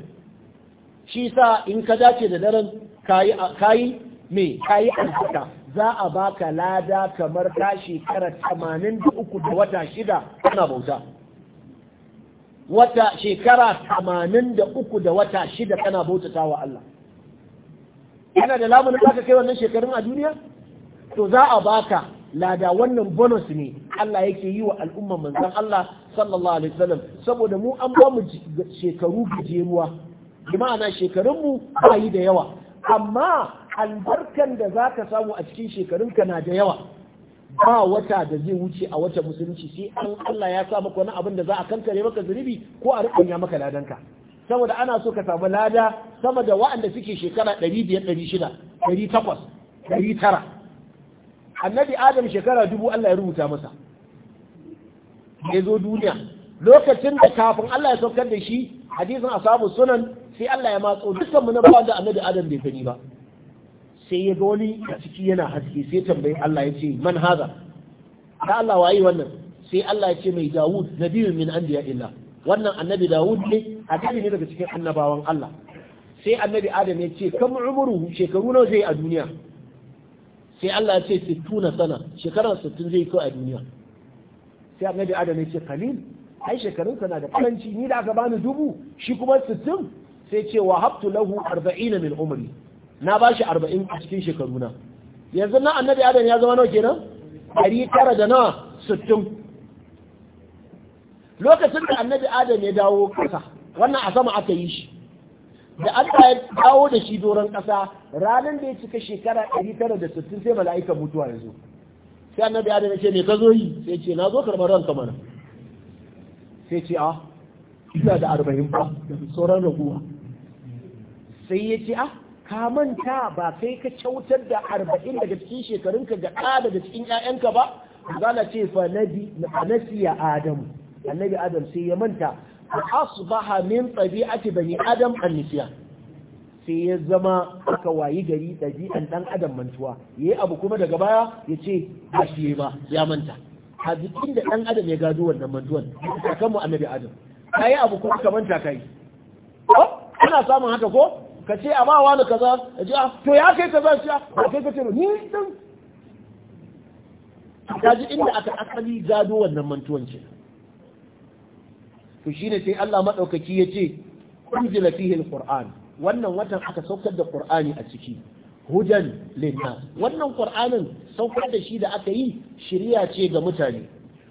shi sa in ka dace da daren kayi kayi me kayi albarka za a baka lada kamar ka shekara tamanin da uku da wata shida kana bauta wata shekara tamanin da uku da wata shida kana bautata wa Allah yana da lamunin za ka kai wannan shekarun a duniya to za a baka lada wannan bonus ne Allah yake yi wa al'umma manzan Allah sallallahu alaihi wasallam saboda mu an ba mu shekaru gajeruwa bi ma'ana shekarunmu ba yi da yawa amma albarkan da za ka samu a cikin shekarunka na da yawa ba wata da zai wuce a wata musulunci sai an Allah ya sa maka wani abin da za a kankare maka zunubi ko a rukunya maka ladanka saboda ana so ka samu lada sama da wa'anda suke shekara 500 600 800 annabi adam shekara dubu Allah ya rubuta masa ya zo duniya lokacin da kafin Allah ya saukar da shi hadisin asabu sunan sai Allah ya matso dukkan mu na bawan da annabi adam bai gani ba sai ya ga wani a ciki yana haske sai tambayi Allah ya ce man haza da Allah waye wannan sai Allah ya ce mai Dawud nabiyun min anbiya illa wannan annabi Dawud ne annabi ne daga cikin annabawan Allah sai annabi Adam ya ce kam umruhu shekaru nawa zai a duniya sai Allah ya ce 60 sana shekarar 60 zai kai a duniya sai annabi Adam ya ce kalil ai shekarun na da karanci ni da aka bani dubu shi kuma 60 sai ce wa habtu lahu 40 min umri na ba shi arba'in a cikin shekaru na yanzu na annabi adam ya zama nawa kenan ɗari tara da nawa sittin lokacin da annabi adam ya dawo ƙasa wannan a sama aka yi shi da Allah ya dawo da shi doron ƙasa ranar da ya cika shekara ɗari tara da sittin, sai mala'ika mutuwa ya zo sai annabi adam ya ce me ka zo yi sai ce na zo karɓar ranka mana sai ce a ah, ina da arba'in ba da sauran raguwa sai ya ce a ah, ka manta ba kai ka kyautar da arba'in daga cikin shekarunka ga ɗa daga cikin 'ya'yanka ba na ce fa nabi nasiya adam annabi adam sai ya manta fa asbaha min tabi'ati bani adam annisiya sai ya zama aka wayi gari ɗabi'an ɗan adam mantuwa yayi abu kuma daga baya ya ce ba shi ba ya manta a jikin da ɗan adam ya gado wannan mantuwan kakan mu annabi adam yi abu kuma ka manta kai ana samun haka ko ka ce a ba wani kaza ya ji to ya kai kaza shi a kai ka ce ni din ka ji inda aka asali gado wannan mantuwan ce to shine sai Allah madaukaki ya ce unzila fihi alquran wannan watan aka saukar da qur'ani a ciki hudan linna wannan qur'anin saukar da shi da aka yi shiriya ce ga mutane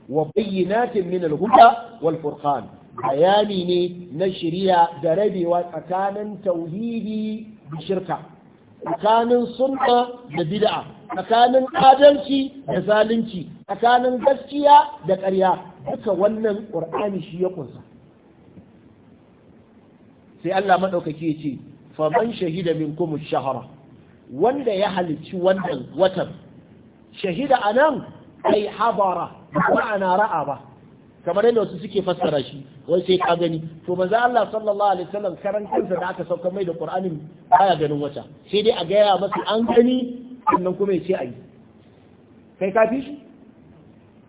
wa bayyinatin min alhuda wal furqan bayani ne na shirya da rabewa tsakanin tauhidi da shirka tsakanin sunna da bid'a tsakanin adalci da zalunci tsakanin gaskiya da ƙarya duka wannan ƙur'ani shi ya kunsa sai Allah maɗaukaki ce man shahida minkum shahara wanda ya halicci wannan watan shahida anan ai habara ma'ana ra'a ba kamar yadda wasu suke fassara shi wai sai ka gani to manzo Allah sallallahu alaihi wasallam karan kansa da aka sauka mai da Qur'anin baya ganin wata sai dai a gaya masa an gani sannan kuma ya ce ayi kai ka fi shi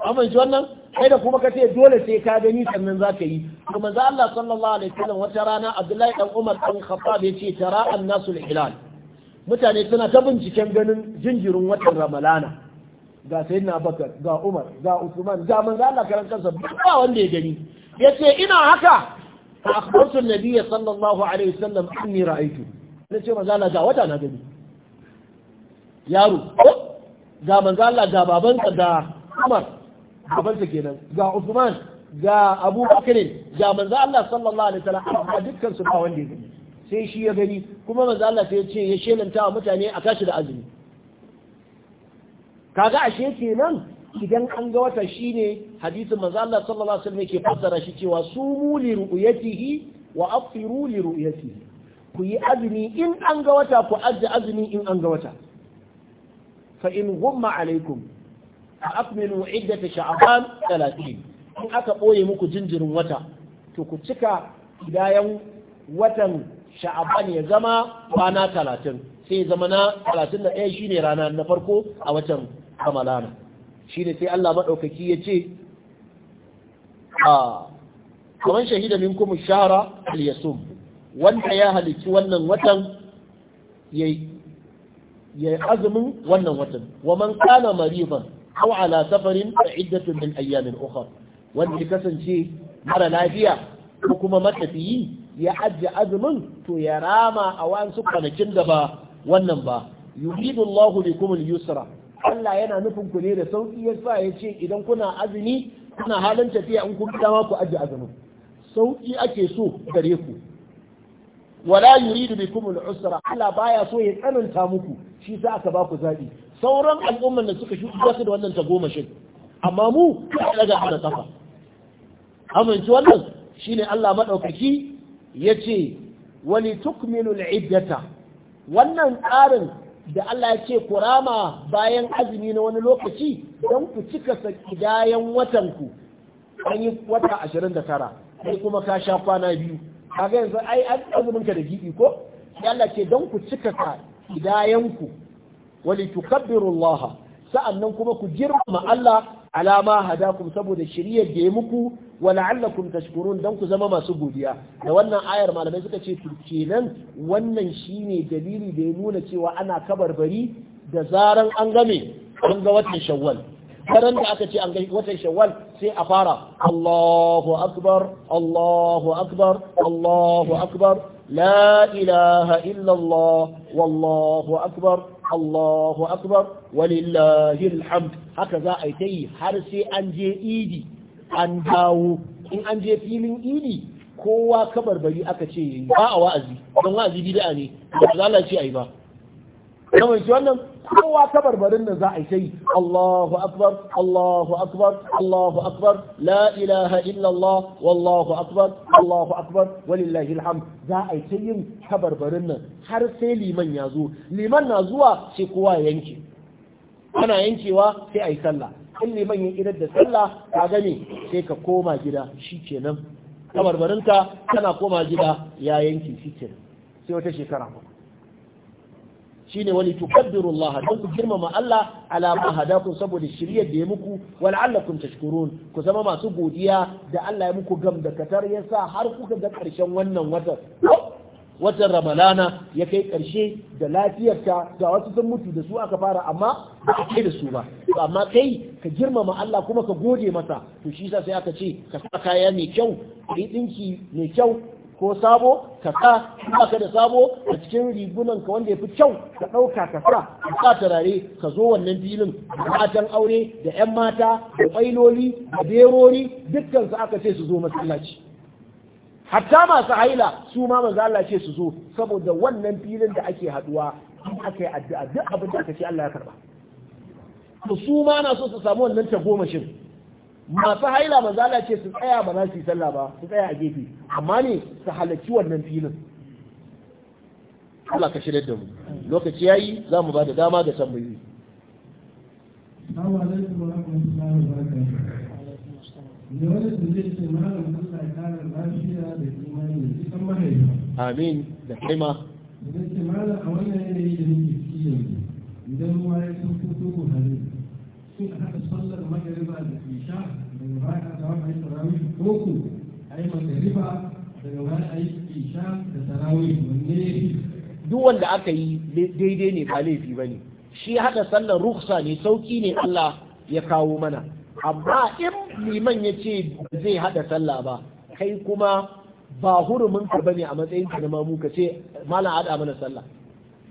amma shi wannan kai da kuma ka ce dole sai ka gani sannan za ka yi to manzo Allah sallallahu alaihi wasallam wata rana Abdullahi dan Umar dan Khattab ya ce tara an-nasul hilal mutane suna ta binciken ganin jinjirin watan Ramalana ga sayyidina Bakar ga Umar ga Usman ga ga Allah karan kansa ba wanda ya gani yace ina haka fa akhbartu an-nabiy sallallahu alaihi wasallam anni ra'aytu nace manzo Allah ga wata na gani yaro oh, ga manzo Allah ga babansa ga Umar babansa kenan ga Usman ga Abu Bakr ga manzo Allah sallallahu alaihi wasallam a dukkan su ba wanda ya gani sai shi ya gani kuma manzo Allah sai ya ce ya shelanta wa mutane a tashi da azumi kaga ashe kenan idan an ga wata shine hadisin manzo Allah sallallahu alaihi wasallam yake fassara shi cewa sumu li ru'yatihi wa afiru li ru'yatihi ku yi azumi in an ga wata ku ajja azumi in an ga wata fa in gumma alaikum fa akmilu iddata sha'ban 30 in aka boye muku jinjirin wata to ku cika idayan watan sha'ban ya zama kwana 30 sai zama na 31 shine rana na farko a watan kamalana shi ne sai Allah maɗaukaki ya ce a kaman shahida min kuma shahara al-yasum wanda ya halicci wannan watan ya azumin wannan watan wa man kana mariban aw ala safarin fa iddatun min ayyamin ukhra wanda ya kasance mara lafiya ko kuma matafiyi ya ajiye azumin to ya rama a wasu kwanakin da ba wannan ba yuridu Allahu bikum al-yusra Allah yana nufin ku ne da sauki sa ya ce idan kuna azumi kuna halin tafiya in kun dama ku aje azumin sauki ake so gare ku wala yuridu bikum al-usra Allah baya so ya tsananta muku shi sa aka ba ku zabi sauran al'umman da suka shuɗi wasu da wannan shi, amma mu ya daga ana kafa amince wannan shine Allah madaukaki yace wali tukmilu al-iddata wannan tsarin da Allah ya ce rama bayan azumi na wani lokaci don ku cika sakidayen watanku an yi wata ashirin da tara sai kuma ka sha kwana biyu kaga yanzu ai an azumin ka da gidi ko sai Allah ce don ku cika ku wali tukabbiru Allah sa'annan kuma ku girmama Allah alama hadakum saboda shiriyar da ya muku wa la'allakum tashkurun dan ku zama masu godiya da wannan ayar malamai suka ce kenan wannan shine dalili da ya nuna cewa ana kabarbari da zaran an game an ga watan shawwal daren da aka ce an ga watan shawwal sai a fara Allahu akbar Allahu akbar Allahu akbar la ilaha illa Allah wallahu akbar Allahu akbar walillahi hamd haka za a yi har sai an je idi an dawo in an je filin idi kowa kabarbari aka ce ba a wa'azi don wa'azi bid'a ne ba za a ce ai ba kamar shi wannan kowa kabarbarin da za a yi Allahu akbar Allahu akbar Allahu akbar la ilaha illallah wallahu akbar Allahu akbar walillahi alhamd za a yi yin kabarbarin nan har sai liman ya zo liman na zuwa sai kowa yanke ana yankewa sai a yi sallah in ne manyan idar da sallah ka gane sai ka koma gida shi kamar barinta tana koma gida ya yanki kenan sai wata shekara Shi shine wani tukaddiru Allah don ku girmama Allah alama ma saboda shiryar da ya muku Allah kun tashkurun ku zama masu godiya da Allah ya muku gam da katar ya sa har kuka ga ƙarshen wannan watan watan ramalana ya kai ƙarshe da lafiyarka ga wasu sun mutu da su aka fara amma ba a kai da su ba amma kai ka girmama Allah kuma ka gode masa to shi sa sai aka ce ka sa kaya mai kyau ka yi ɗinki mai kyau ko sabo ka sa ka da sabo a cikin rigunan ka wanda ya fi kyau ka ɗauka ka sa ka sa turare ka zo wannan filin matan aure da 'yan mata da bailoli da berori dukkan su aka ce su zo masallaci hatta masu haila su ma Allah ce su zo saboda wannan filin da ake haduwa in aka yi addu'a duk abin da aka ce Allah ya karba to su ma na so su samu wannan tagomashin masu haila manzo Allah ce su tsaya ba za su yi sallah ba su tsaya a gefe amma ne su halarci wannan filin Allah ka shirya da mu lokaci yayi za mu ba da dama ga tambayoyi Assalamu alaikum lafiya da amin da kaima yanayi da yanzu idan ruwa ya haɗa sallar magariba da isha daga daga isha da wanne duk wanda aka yi daidai ne ba laifi ba ne shi haɗa sallar ruksa ne sauƙi ne Allah ya kawo mana amma in liman ya ce zai haɗa sallah ba kai kuma ba hurumin ka bane a matsayin ka na mamu ka ce malam mana sallah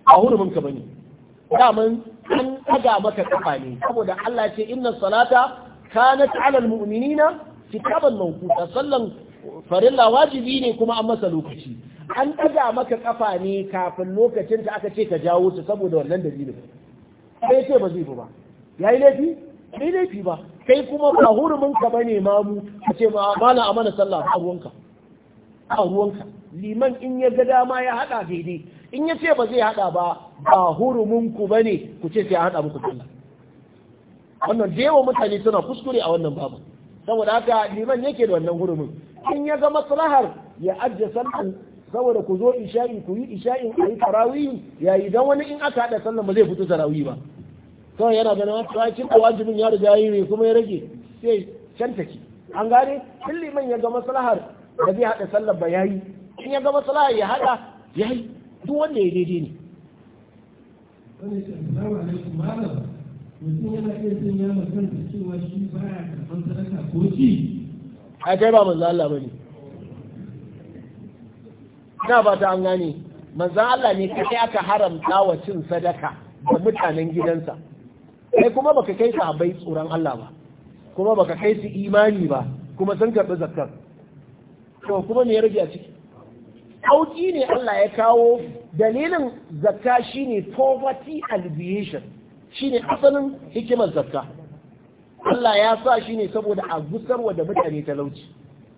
ba hurumin ka bane daman an ɗaga maka kafa ne saboda Allah ce inna salata kanat ala almu'minina kitaban mawquta sallan farilla wajibi ne kuma an masa lokaci an ɗaga maka kafa ne kafin lokacin da aka ce ka jawo ta saboda wannan dalilin sai ce ba zai ba yayi laifi bai laifi ba kai kuma ba hurumin ka bane mamu a ce ma mana a mana sallah a ruwanka a ruwanka liman in ya ga dama ya hada daidai in ya ce ba zai hada ba ba hurumin ku bane ku ce sai a hada muku sallah wannan da yawa mutane suna kuskure a wannan babu saboda haka liman yake da wannan hurumin in ya ga maslahar ya ajiye sallah saboda ku zo isha'i ku yi isha'in a yi tarawih yayi dan wani in aka hada sallan ba zai fito tarawih ba kawai yana ganin wata ya cika wajibin ya riga yi ne kuma ya rage sai take an gane in ya ga maslahar da zai haɗa sallar ba yayi in ya ga maslahar ya haɗa yayi duk wanda ya daidai ne ai kai ba manzo Allah bane ina ba ta an gane manzo Allah ne kai aka haramta wa cin sadaka da mutanen gidansa kai kuma baka kai sahabbai tsoron Allah ba kuma baka kai su imani ba kuma sun karɓi zakkar to kuma me ya rage a ciki sauki ne Allah ya kawo dalilin zakka shine poverty alleviation shine asalin hikimar zakka Allah ya sa shi ne saboda a gusarwa da mutane talauci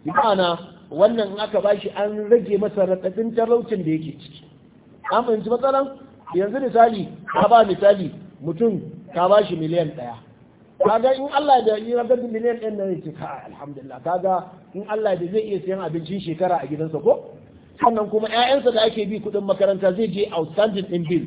ma'ana wannan aka bashi an rage masa raɗaɗin talaucin da yake ciki an fahimci matsalan yanzu misali a ba misali mutum ka ba shi miliyan ɗaya kaga in Allah da yi rabar miliyan ɗaya ne ce ka alhamdulillah kaga in Allah da zai iya sayan abincin shekara a gidansa ko sannan kuma ƴaƴansa da ake bi kuɗin makaranta zai je outstanding in bill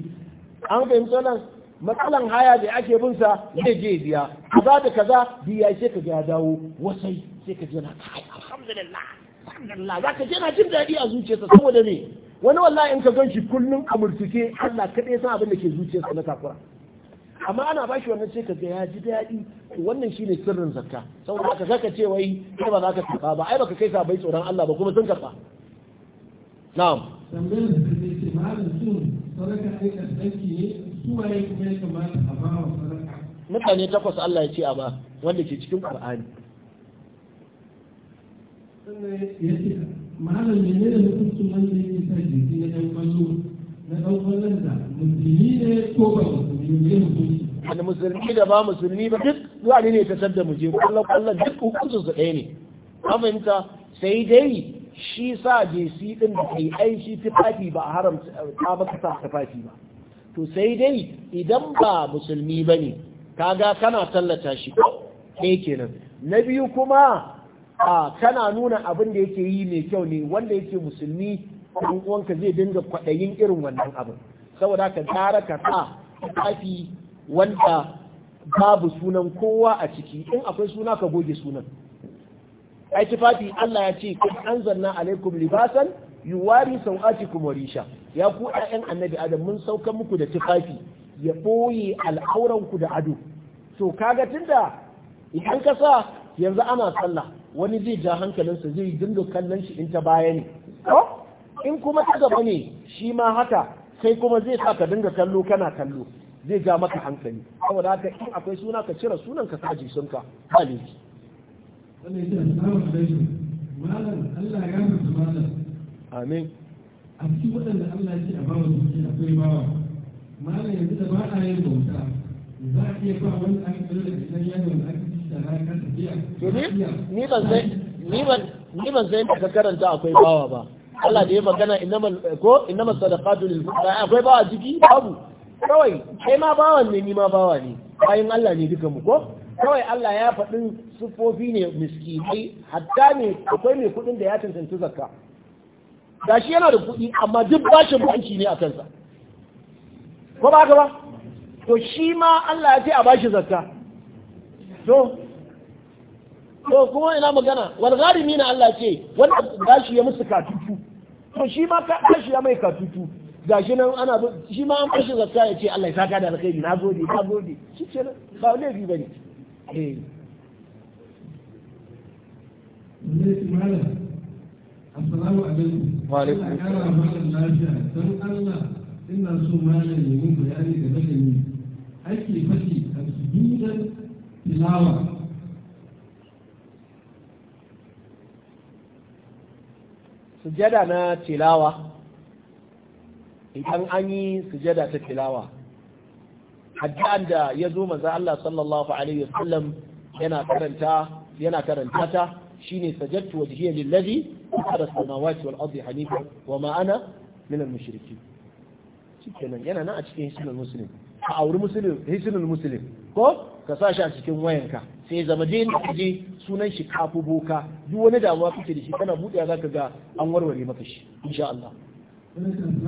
an fahimta nan matsalan haya da ake bin sa zai je biya kaza da kaza biya sai ka ga dawo wasai sai ka je na kai alhamdulillah alhamdulillah zaka je na jin daɗi a zuciyarsa saboda me wani wallahi in ka gan shi kullum a murtuke Allah kaɗai san abin da ke zuciyarsa na takura amma ana ba shi wannan sai ka ga ya ji daɗi wannan shine sirrin zakka saboda haka zaka ce wai kai ba za ka karɓa ba ai baka kai sa bai tsoron Allah ba kuma sun karɓa na'am tambayar da ke malam sun sadaka aikata aiki ne su waye kuma ya kamata a ba wa mutane takwas Allah ya ce a ba wanda ke cikin Qur'ani malam ne ne da hukuncin wanda yake sa jiki na ɗan kwallo na ɗan kwallon da musulmi ne ko ba musulmi wani musulmi da ba musulmi ba duk zuwa ne ta sadda mu je kwallon kwallon duk hukuncin su ɗaya ne aminta sai dai shi sa jesi ɗin da kai ai shi tufafi ba a haramta ta baka sa tufafi ba to sai dai idan ba musulmi ba ne kaga kana tallata shi "E, kenan na biyu kuma a kana nuna abin da yake yi mai kyau ne wanda yake musulmi ɗan uwanka zai dinga kwaɗayin irin wannan abin saboda ka gyara ka sa kafi wanda babu sunan kowa a ciki in akwai suna ka goge sunan ai tufafi Allah ya ce kun anzalna alaikum libasan yuwari sau'atikum wa risha ya ku ƴaƴan annabi adam mun sauka muku da tufafi ya ɓoye al'auran ku da ado to kaga tunda idan ka sa yanzu ana sallah wani zai ja hankalinsa zai dinga kallon shi in ta baya ne in kuma ta gaba ne shi ma haka sai kuma zai sa ka dinga kallo kana kallo zai ja maka hankali saboda haka in akwai suna ka cire sunan ka sa jisunka ba hali malam Allah ya mutu malam amin a cikin waɗanda Allah ya ce a bawa zuci akwai bawa malam yanzu da ba a yin bauta za a iya ba wani aka kiro da gidan yaro da aka ci da ranar tafiya ni ban zai ni ban ni ka karanta akwai bawa ba Allah da ya magana innamal ko innamas sadaqatu lil fuqara akwai bawa jiki babu kawai kai ma bawan ne ni ma bawa ne bayan Allah ne duka mu ko kawai Allah ya faɗin sufofi ne miskinai hatta ne akwai mai kuɗin da ya cancanci zakka gashi yana da kuɗi amma duk bashin banki ne a kansa ko ba ka ba to shi ma Allah ya ce a bashi zakka to to kuma ina magana wal na Allah ce wanda gashi ya musu katutu to shi ma ka gashi ya mai katutu gashi nan ana shi ma an bashi zakka ya ce Allah ya saka da alkhairi na gode na gode shi ce ba wani laifi bane eh Assalamu alaikum. Wa alaikum. Ina kara malam lafiya don Allah ina so malam ya mun bayani da ni ake faɗi a sujudan tilawa sujada na tilawa idan an yi sujada ta tilawa addu'an da ya zo manzo Allah sallallahu alaihi wasallam yana karanta yana karanta ta shine sajadtu wajhiya lillazi fatara samawati wal ardi hanifa wa ma ana min al mushrikin shikenan yana nan a cikin hisnul muslim a auri muslim hisnul muslim ko ka sa shi a cikin wayanka sai zama je inda kaje sunan shi kafu boka duk wani damuwa kake da shi kana buɗewa zaka ga an warware maka shi insha Allah kwanaki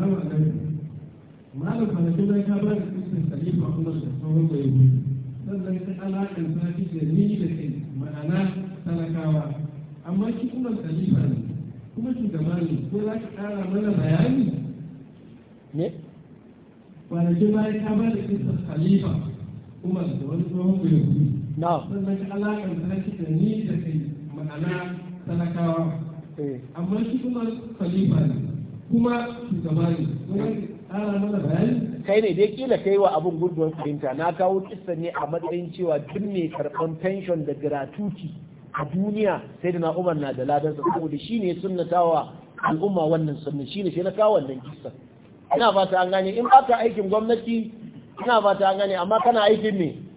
da amma shi kuma Khalifa ne kuma shugaba ne ko za ka ƙara mana bayani ne kwanaki bayan ka ba da kisar Khalifa kuma da wani tsohon da na sun da take da ni da kai ma'ana talakawa eh. amma shi kuma khalifa ne kuma shugaba ne mana bayani kai ne dai kila kai wa abin gudun fahimta na kawo kissa ne a matsayin cewa duk mai karɓan pension da gratuity a duniya sai da na umar na da ladan sa saboda shi ne sunnatawa al'umma wannan sunna shi ne shi na kawo wannan kissa ina fata an gane in baka aikin gwamnati ina fata an gane amma kana aikin ne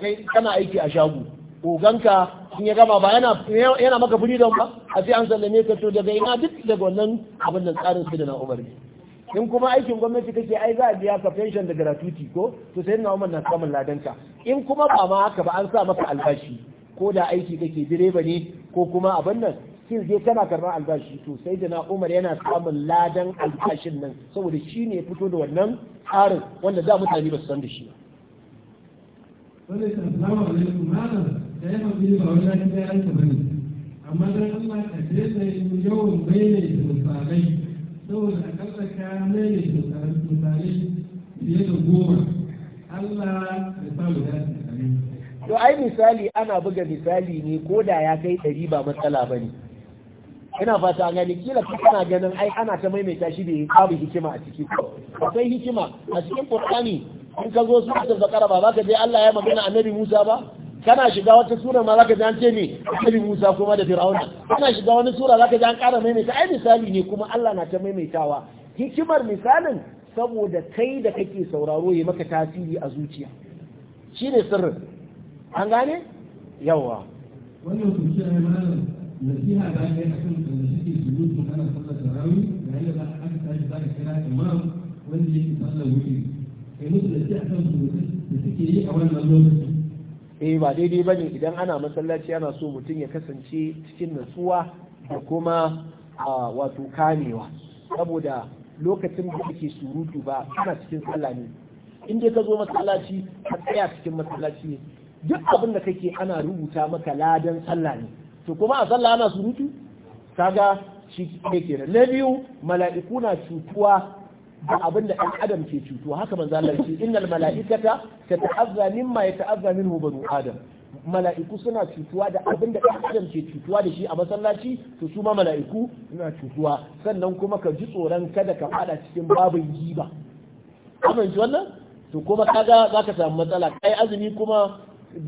kai kana aiki a shago oganka in ya gama ba yana maka freedom ba a sai an sallame ka to daga ina duk daga wannan abin da tsarin sai da na umar ne in kuma aikin gwamnati kake ai za a biya ka pension da gratuity ko to sai na umar na samun ladanka in kuma ba ma haka ba an sa maka albashi ko da aiki kake direba ne ko kuma abin nan sai je kana karɓar albashi to sai da na umar yana samun ladan albashin nan saboda shi ne fito da wannan tsarin wanda da mutane ba su san da shi ba wanda ta salamu alaikum malam da ya hafi ba wani lafi da yanka ba ne amma dan Allah ka daina yin yawan bayyana misalai saboda a kasa ka mai misalai fiye da goma Allah ya sa mu dace to ai misali ana buga misali ne ko da ya kai ɗari ba matsala ba ne ina fata gani kila kana ganin ai ana ta maimaita shi bai babu hikima a ciki akwai hikima a cikin qur'ani in ka zo suratul baqara ba za ka je Allah ya magana annabi Musa ba kana shiga wata sura ma zaka je an ce ne annabi Musa kuma da Fir'auna kana shiga wani sura zaka je an ƙara maimaita ai misali ne kuma Allah na ta maimaitawa hikimar misalin saboda kai da kake sauraro ya maka tasiri a zuciya shine sirrin an gane yawa wannan kuke ai mana nasiha da ne akan da shi sujudu kana sallar tarawih da yadda aka tashi zaka kira imam wanda yake sallar wuri eh ba daidai ba ne idan ana masallaci ana so mutum ya kasance cikin natsuwa da kuma a wato kamewa saboda lokacin da ake surutu ba ana cikin sallah ne in dai ka zo masallaci ka tsaya cikin masallaci ne duk abin da kake ana rubuta maka ladan sallah ne to kuma a sallah ana surutu kaga shi ne kenan na biyu mala'iku na cutuwa da abin da ɗan adam ke cuto haka manzo Allah ce innal mala'ikata tata'azza mimma yata'azza minhu banu adam mala'iku suna cutuwa da abin da ɗan adam ke cutuwa da shi a masallaci to su ma mala'iku suna cutuwa sannan kuma ka ji tsoron kada ka fada cikin babin giba amince wannan to kuma kaga zaka samu matsala kai azumi kuma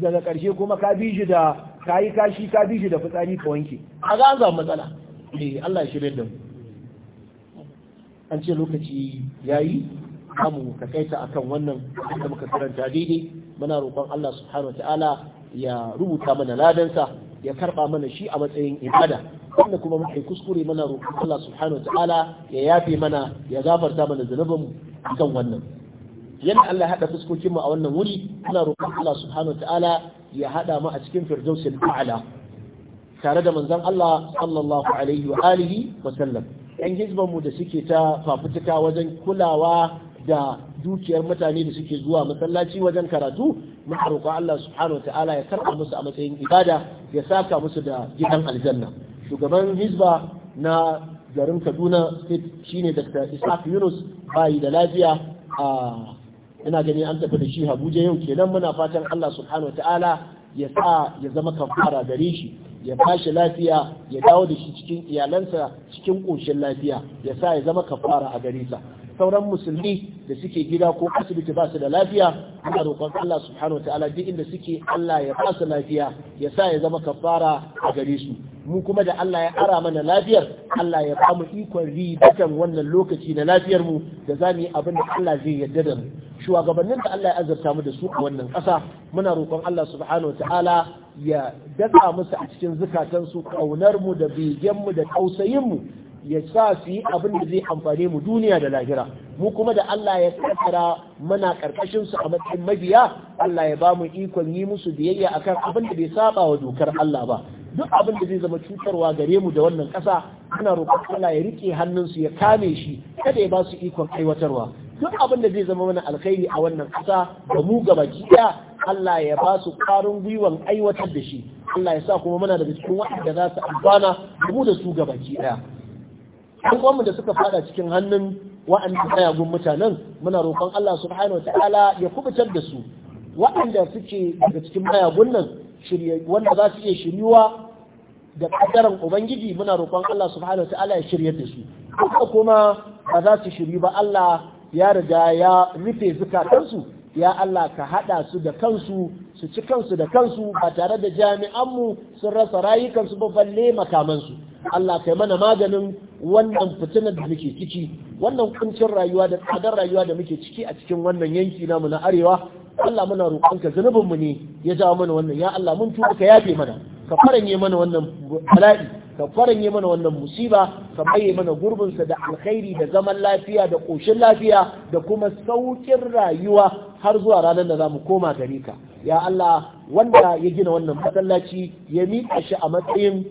daga ƙarshe kuma ka bi shi da kayi kashi ka bi shi da fitsari ka wanke kaga an samu matsala eh Allah ya shirye da mu an ce lokaci yayi mu takaita akan wannan da muka karanta daidai muna roƙon Allah subhanahu ta'ala ya rubuta mana ladansa ya karba mana shi a matsayin ibada wanda kuma muka kuskure mana roƙon Allah subhanahu ta'ala ya yafe mana ya gafarta mana zanubin kan wannan yanda Allah ya haɗa fuskokin mu a wannan wuri muna roƙon Allah subhanahu ta'ala ya haɗa mu a cikin firdausil a'la tare da manzon Allah sallallahu alaihi wa alihi wa sallam 'yan hizbanmu da suke ta fafutuka wajen kulawa da dukiyar mutane da suke zuwa masallaci wajen karatu maaruka Allah subhanahu ta'ala ya karɓa musu a matsayin ibada ya saka musu da gidan aljanna shugaban hizba na garin Kaduna state shine Dr. Isaac Yunus bayi da lafiya a ah, ina gani an tafi da shi Abuja yau kenan muna fatan Allah subhanahu ta'ala ya sa ya zama kafara gare shi ya shi lafiya ya dawo da shi cikin iyalansa cikin ƙoshin lafiya ya sa ya zama kafara a gare sa sauran musulmi da suke gida ko asibiti ba su da lafiya ana roƙon Allah subhanahu wa ta'ala duk inda suke Allah ya ba su lafiya ya sa ya zama kafara a gare su mu kuma da Allah ya ara mana lafiyar Allah ya ba mu ikon ribatan wannan lokaci na lafiyar mu da za yi abin da Allah zai yarda da mu shugabannin da Allah ya azurta mu da su a wannan ƙasa muna roƙon Allah subhanahu ta'ala ya daka musu a cikin zukatan su kaunar mu da biganmu mu da tausayin mu ya sa su yi abin da zai amfane mu duniya da lahira mu kuma da Allah ya kankara muna karkashin su a matsayin mabiya Allah ya ba mu ikon yi musu biyayya akan abin da bai saba wa dokar Allah ba duk abin da zai zama cutarwa gare mu da wannan ƙasa muna roƙon Allah ya rike hannun su ya kame shi kada ya ba su ikon aiwatarwa duk abin da zai zama mana alkhairi a wannan ƙasa da mu gaba jiya Allah ya ba su ƙarin gwiwan aiwatar da shi Allah ya sa kuma muna daga cikin waɗanda za su amfana da mu da su gaba jiya ɗan uwanmu da suka fada cikin hannun waɗanda tsayagun mutanen muna roƙon Allah subhanahu wa ta'ala ya kubutar da su waɗanda suke daga cikin mayagun nan wanda za su iya shiriwa da ƙaddaran ubangiji muna roƙon Allah subhanahu wa ta'ala ya shiryar da su duka kuma ba za su shiri ba Allah ya riga ya rufe zukatansu ya Allah ka haɗa su da kansu su ci kansu da kansu ba tare da jami'anmu sun rasa rayukansu ba balle makamansu Allah kai mana maganin wannan fitinar da muke ciki wannan kuncin rayuwa da tsadar rayuwa da muke ciki a cikin wannan yanki namu na arewa Allah muna roƙonka zunubinmu ne ya jawo mana wannan ya Allah mun tuba ka yafe mana ka faranye mana wannan bala'i ka faranye mana wannan musiba ka baye mana gurbinsa da alkhairi da zaman lafiya da ƙoshin lafiya da kuma saukin rayuwa har zuwa ranar da za mu koma gare ka ya Allah wanda ya gina wannan masallaci ya miƙa shi a matsayin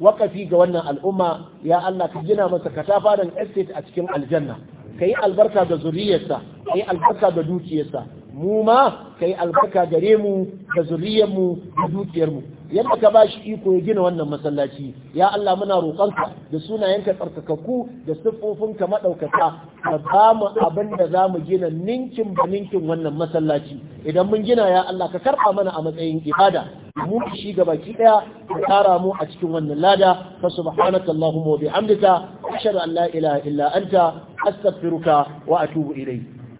wakafi ga wannan al'umma ya Allah ka gina masa katafaren estate a cikin aljanna ka yi albarka da zuriyarsa ka yi albarka da dukiyarsa mu ma ka yi albarka gare mu da zuriyarmu da dukiyarmu yadda ka bashi iko ya gina wannan masallaci ya Allah muna roƙonka da sunayenka tsarkakakku da siffofinka maɗaukaka ka ba mu abin da za mu gina ninkin ba ninkin wannan masallaci idan mun gina ya Allah ka karɓa mana a matsayin ibada mu shi ga baki ɗaya ka tara mu a cikin wannan lada fa subhanaka allahumma wa bihamdika ashhadu an la ilaha illa anta astaghfiruka wa atubu ilayk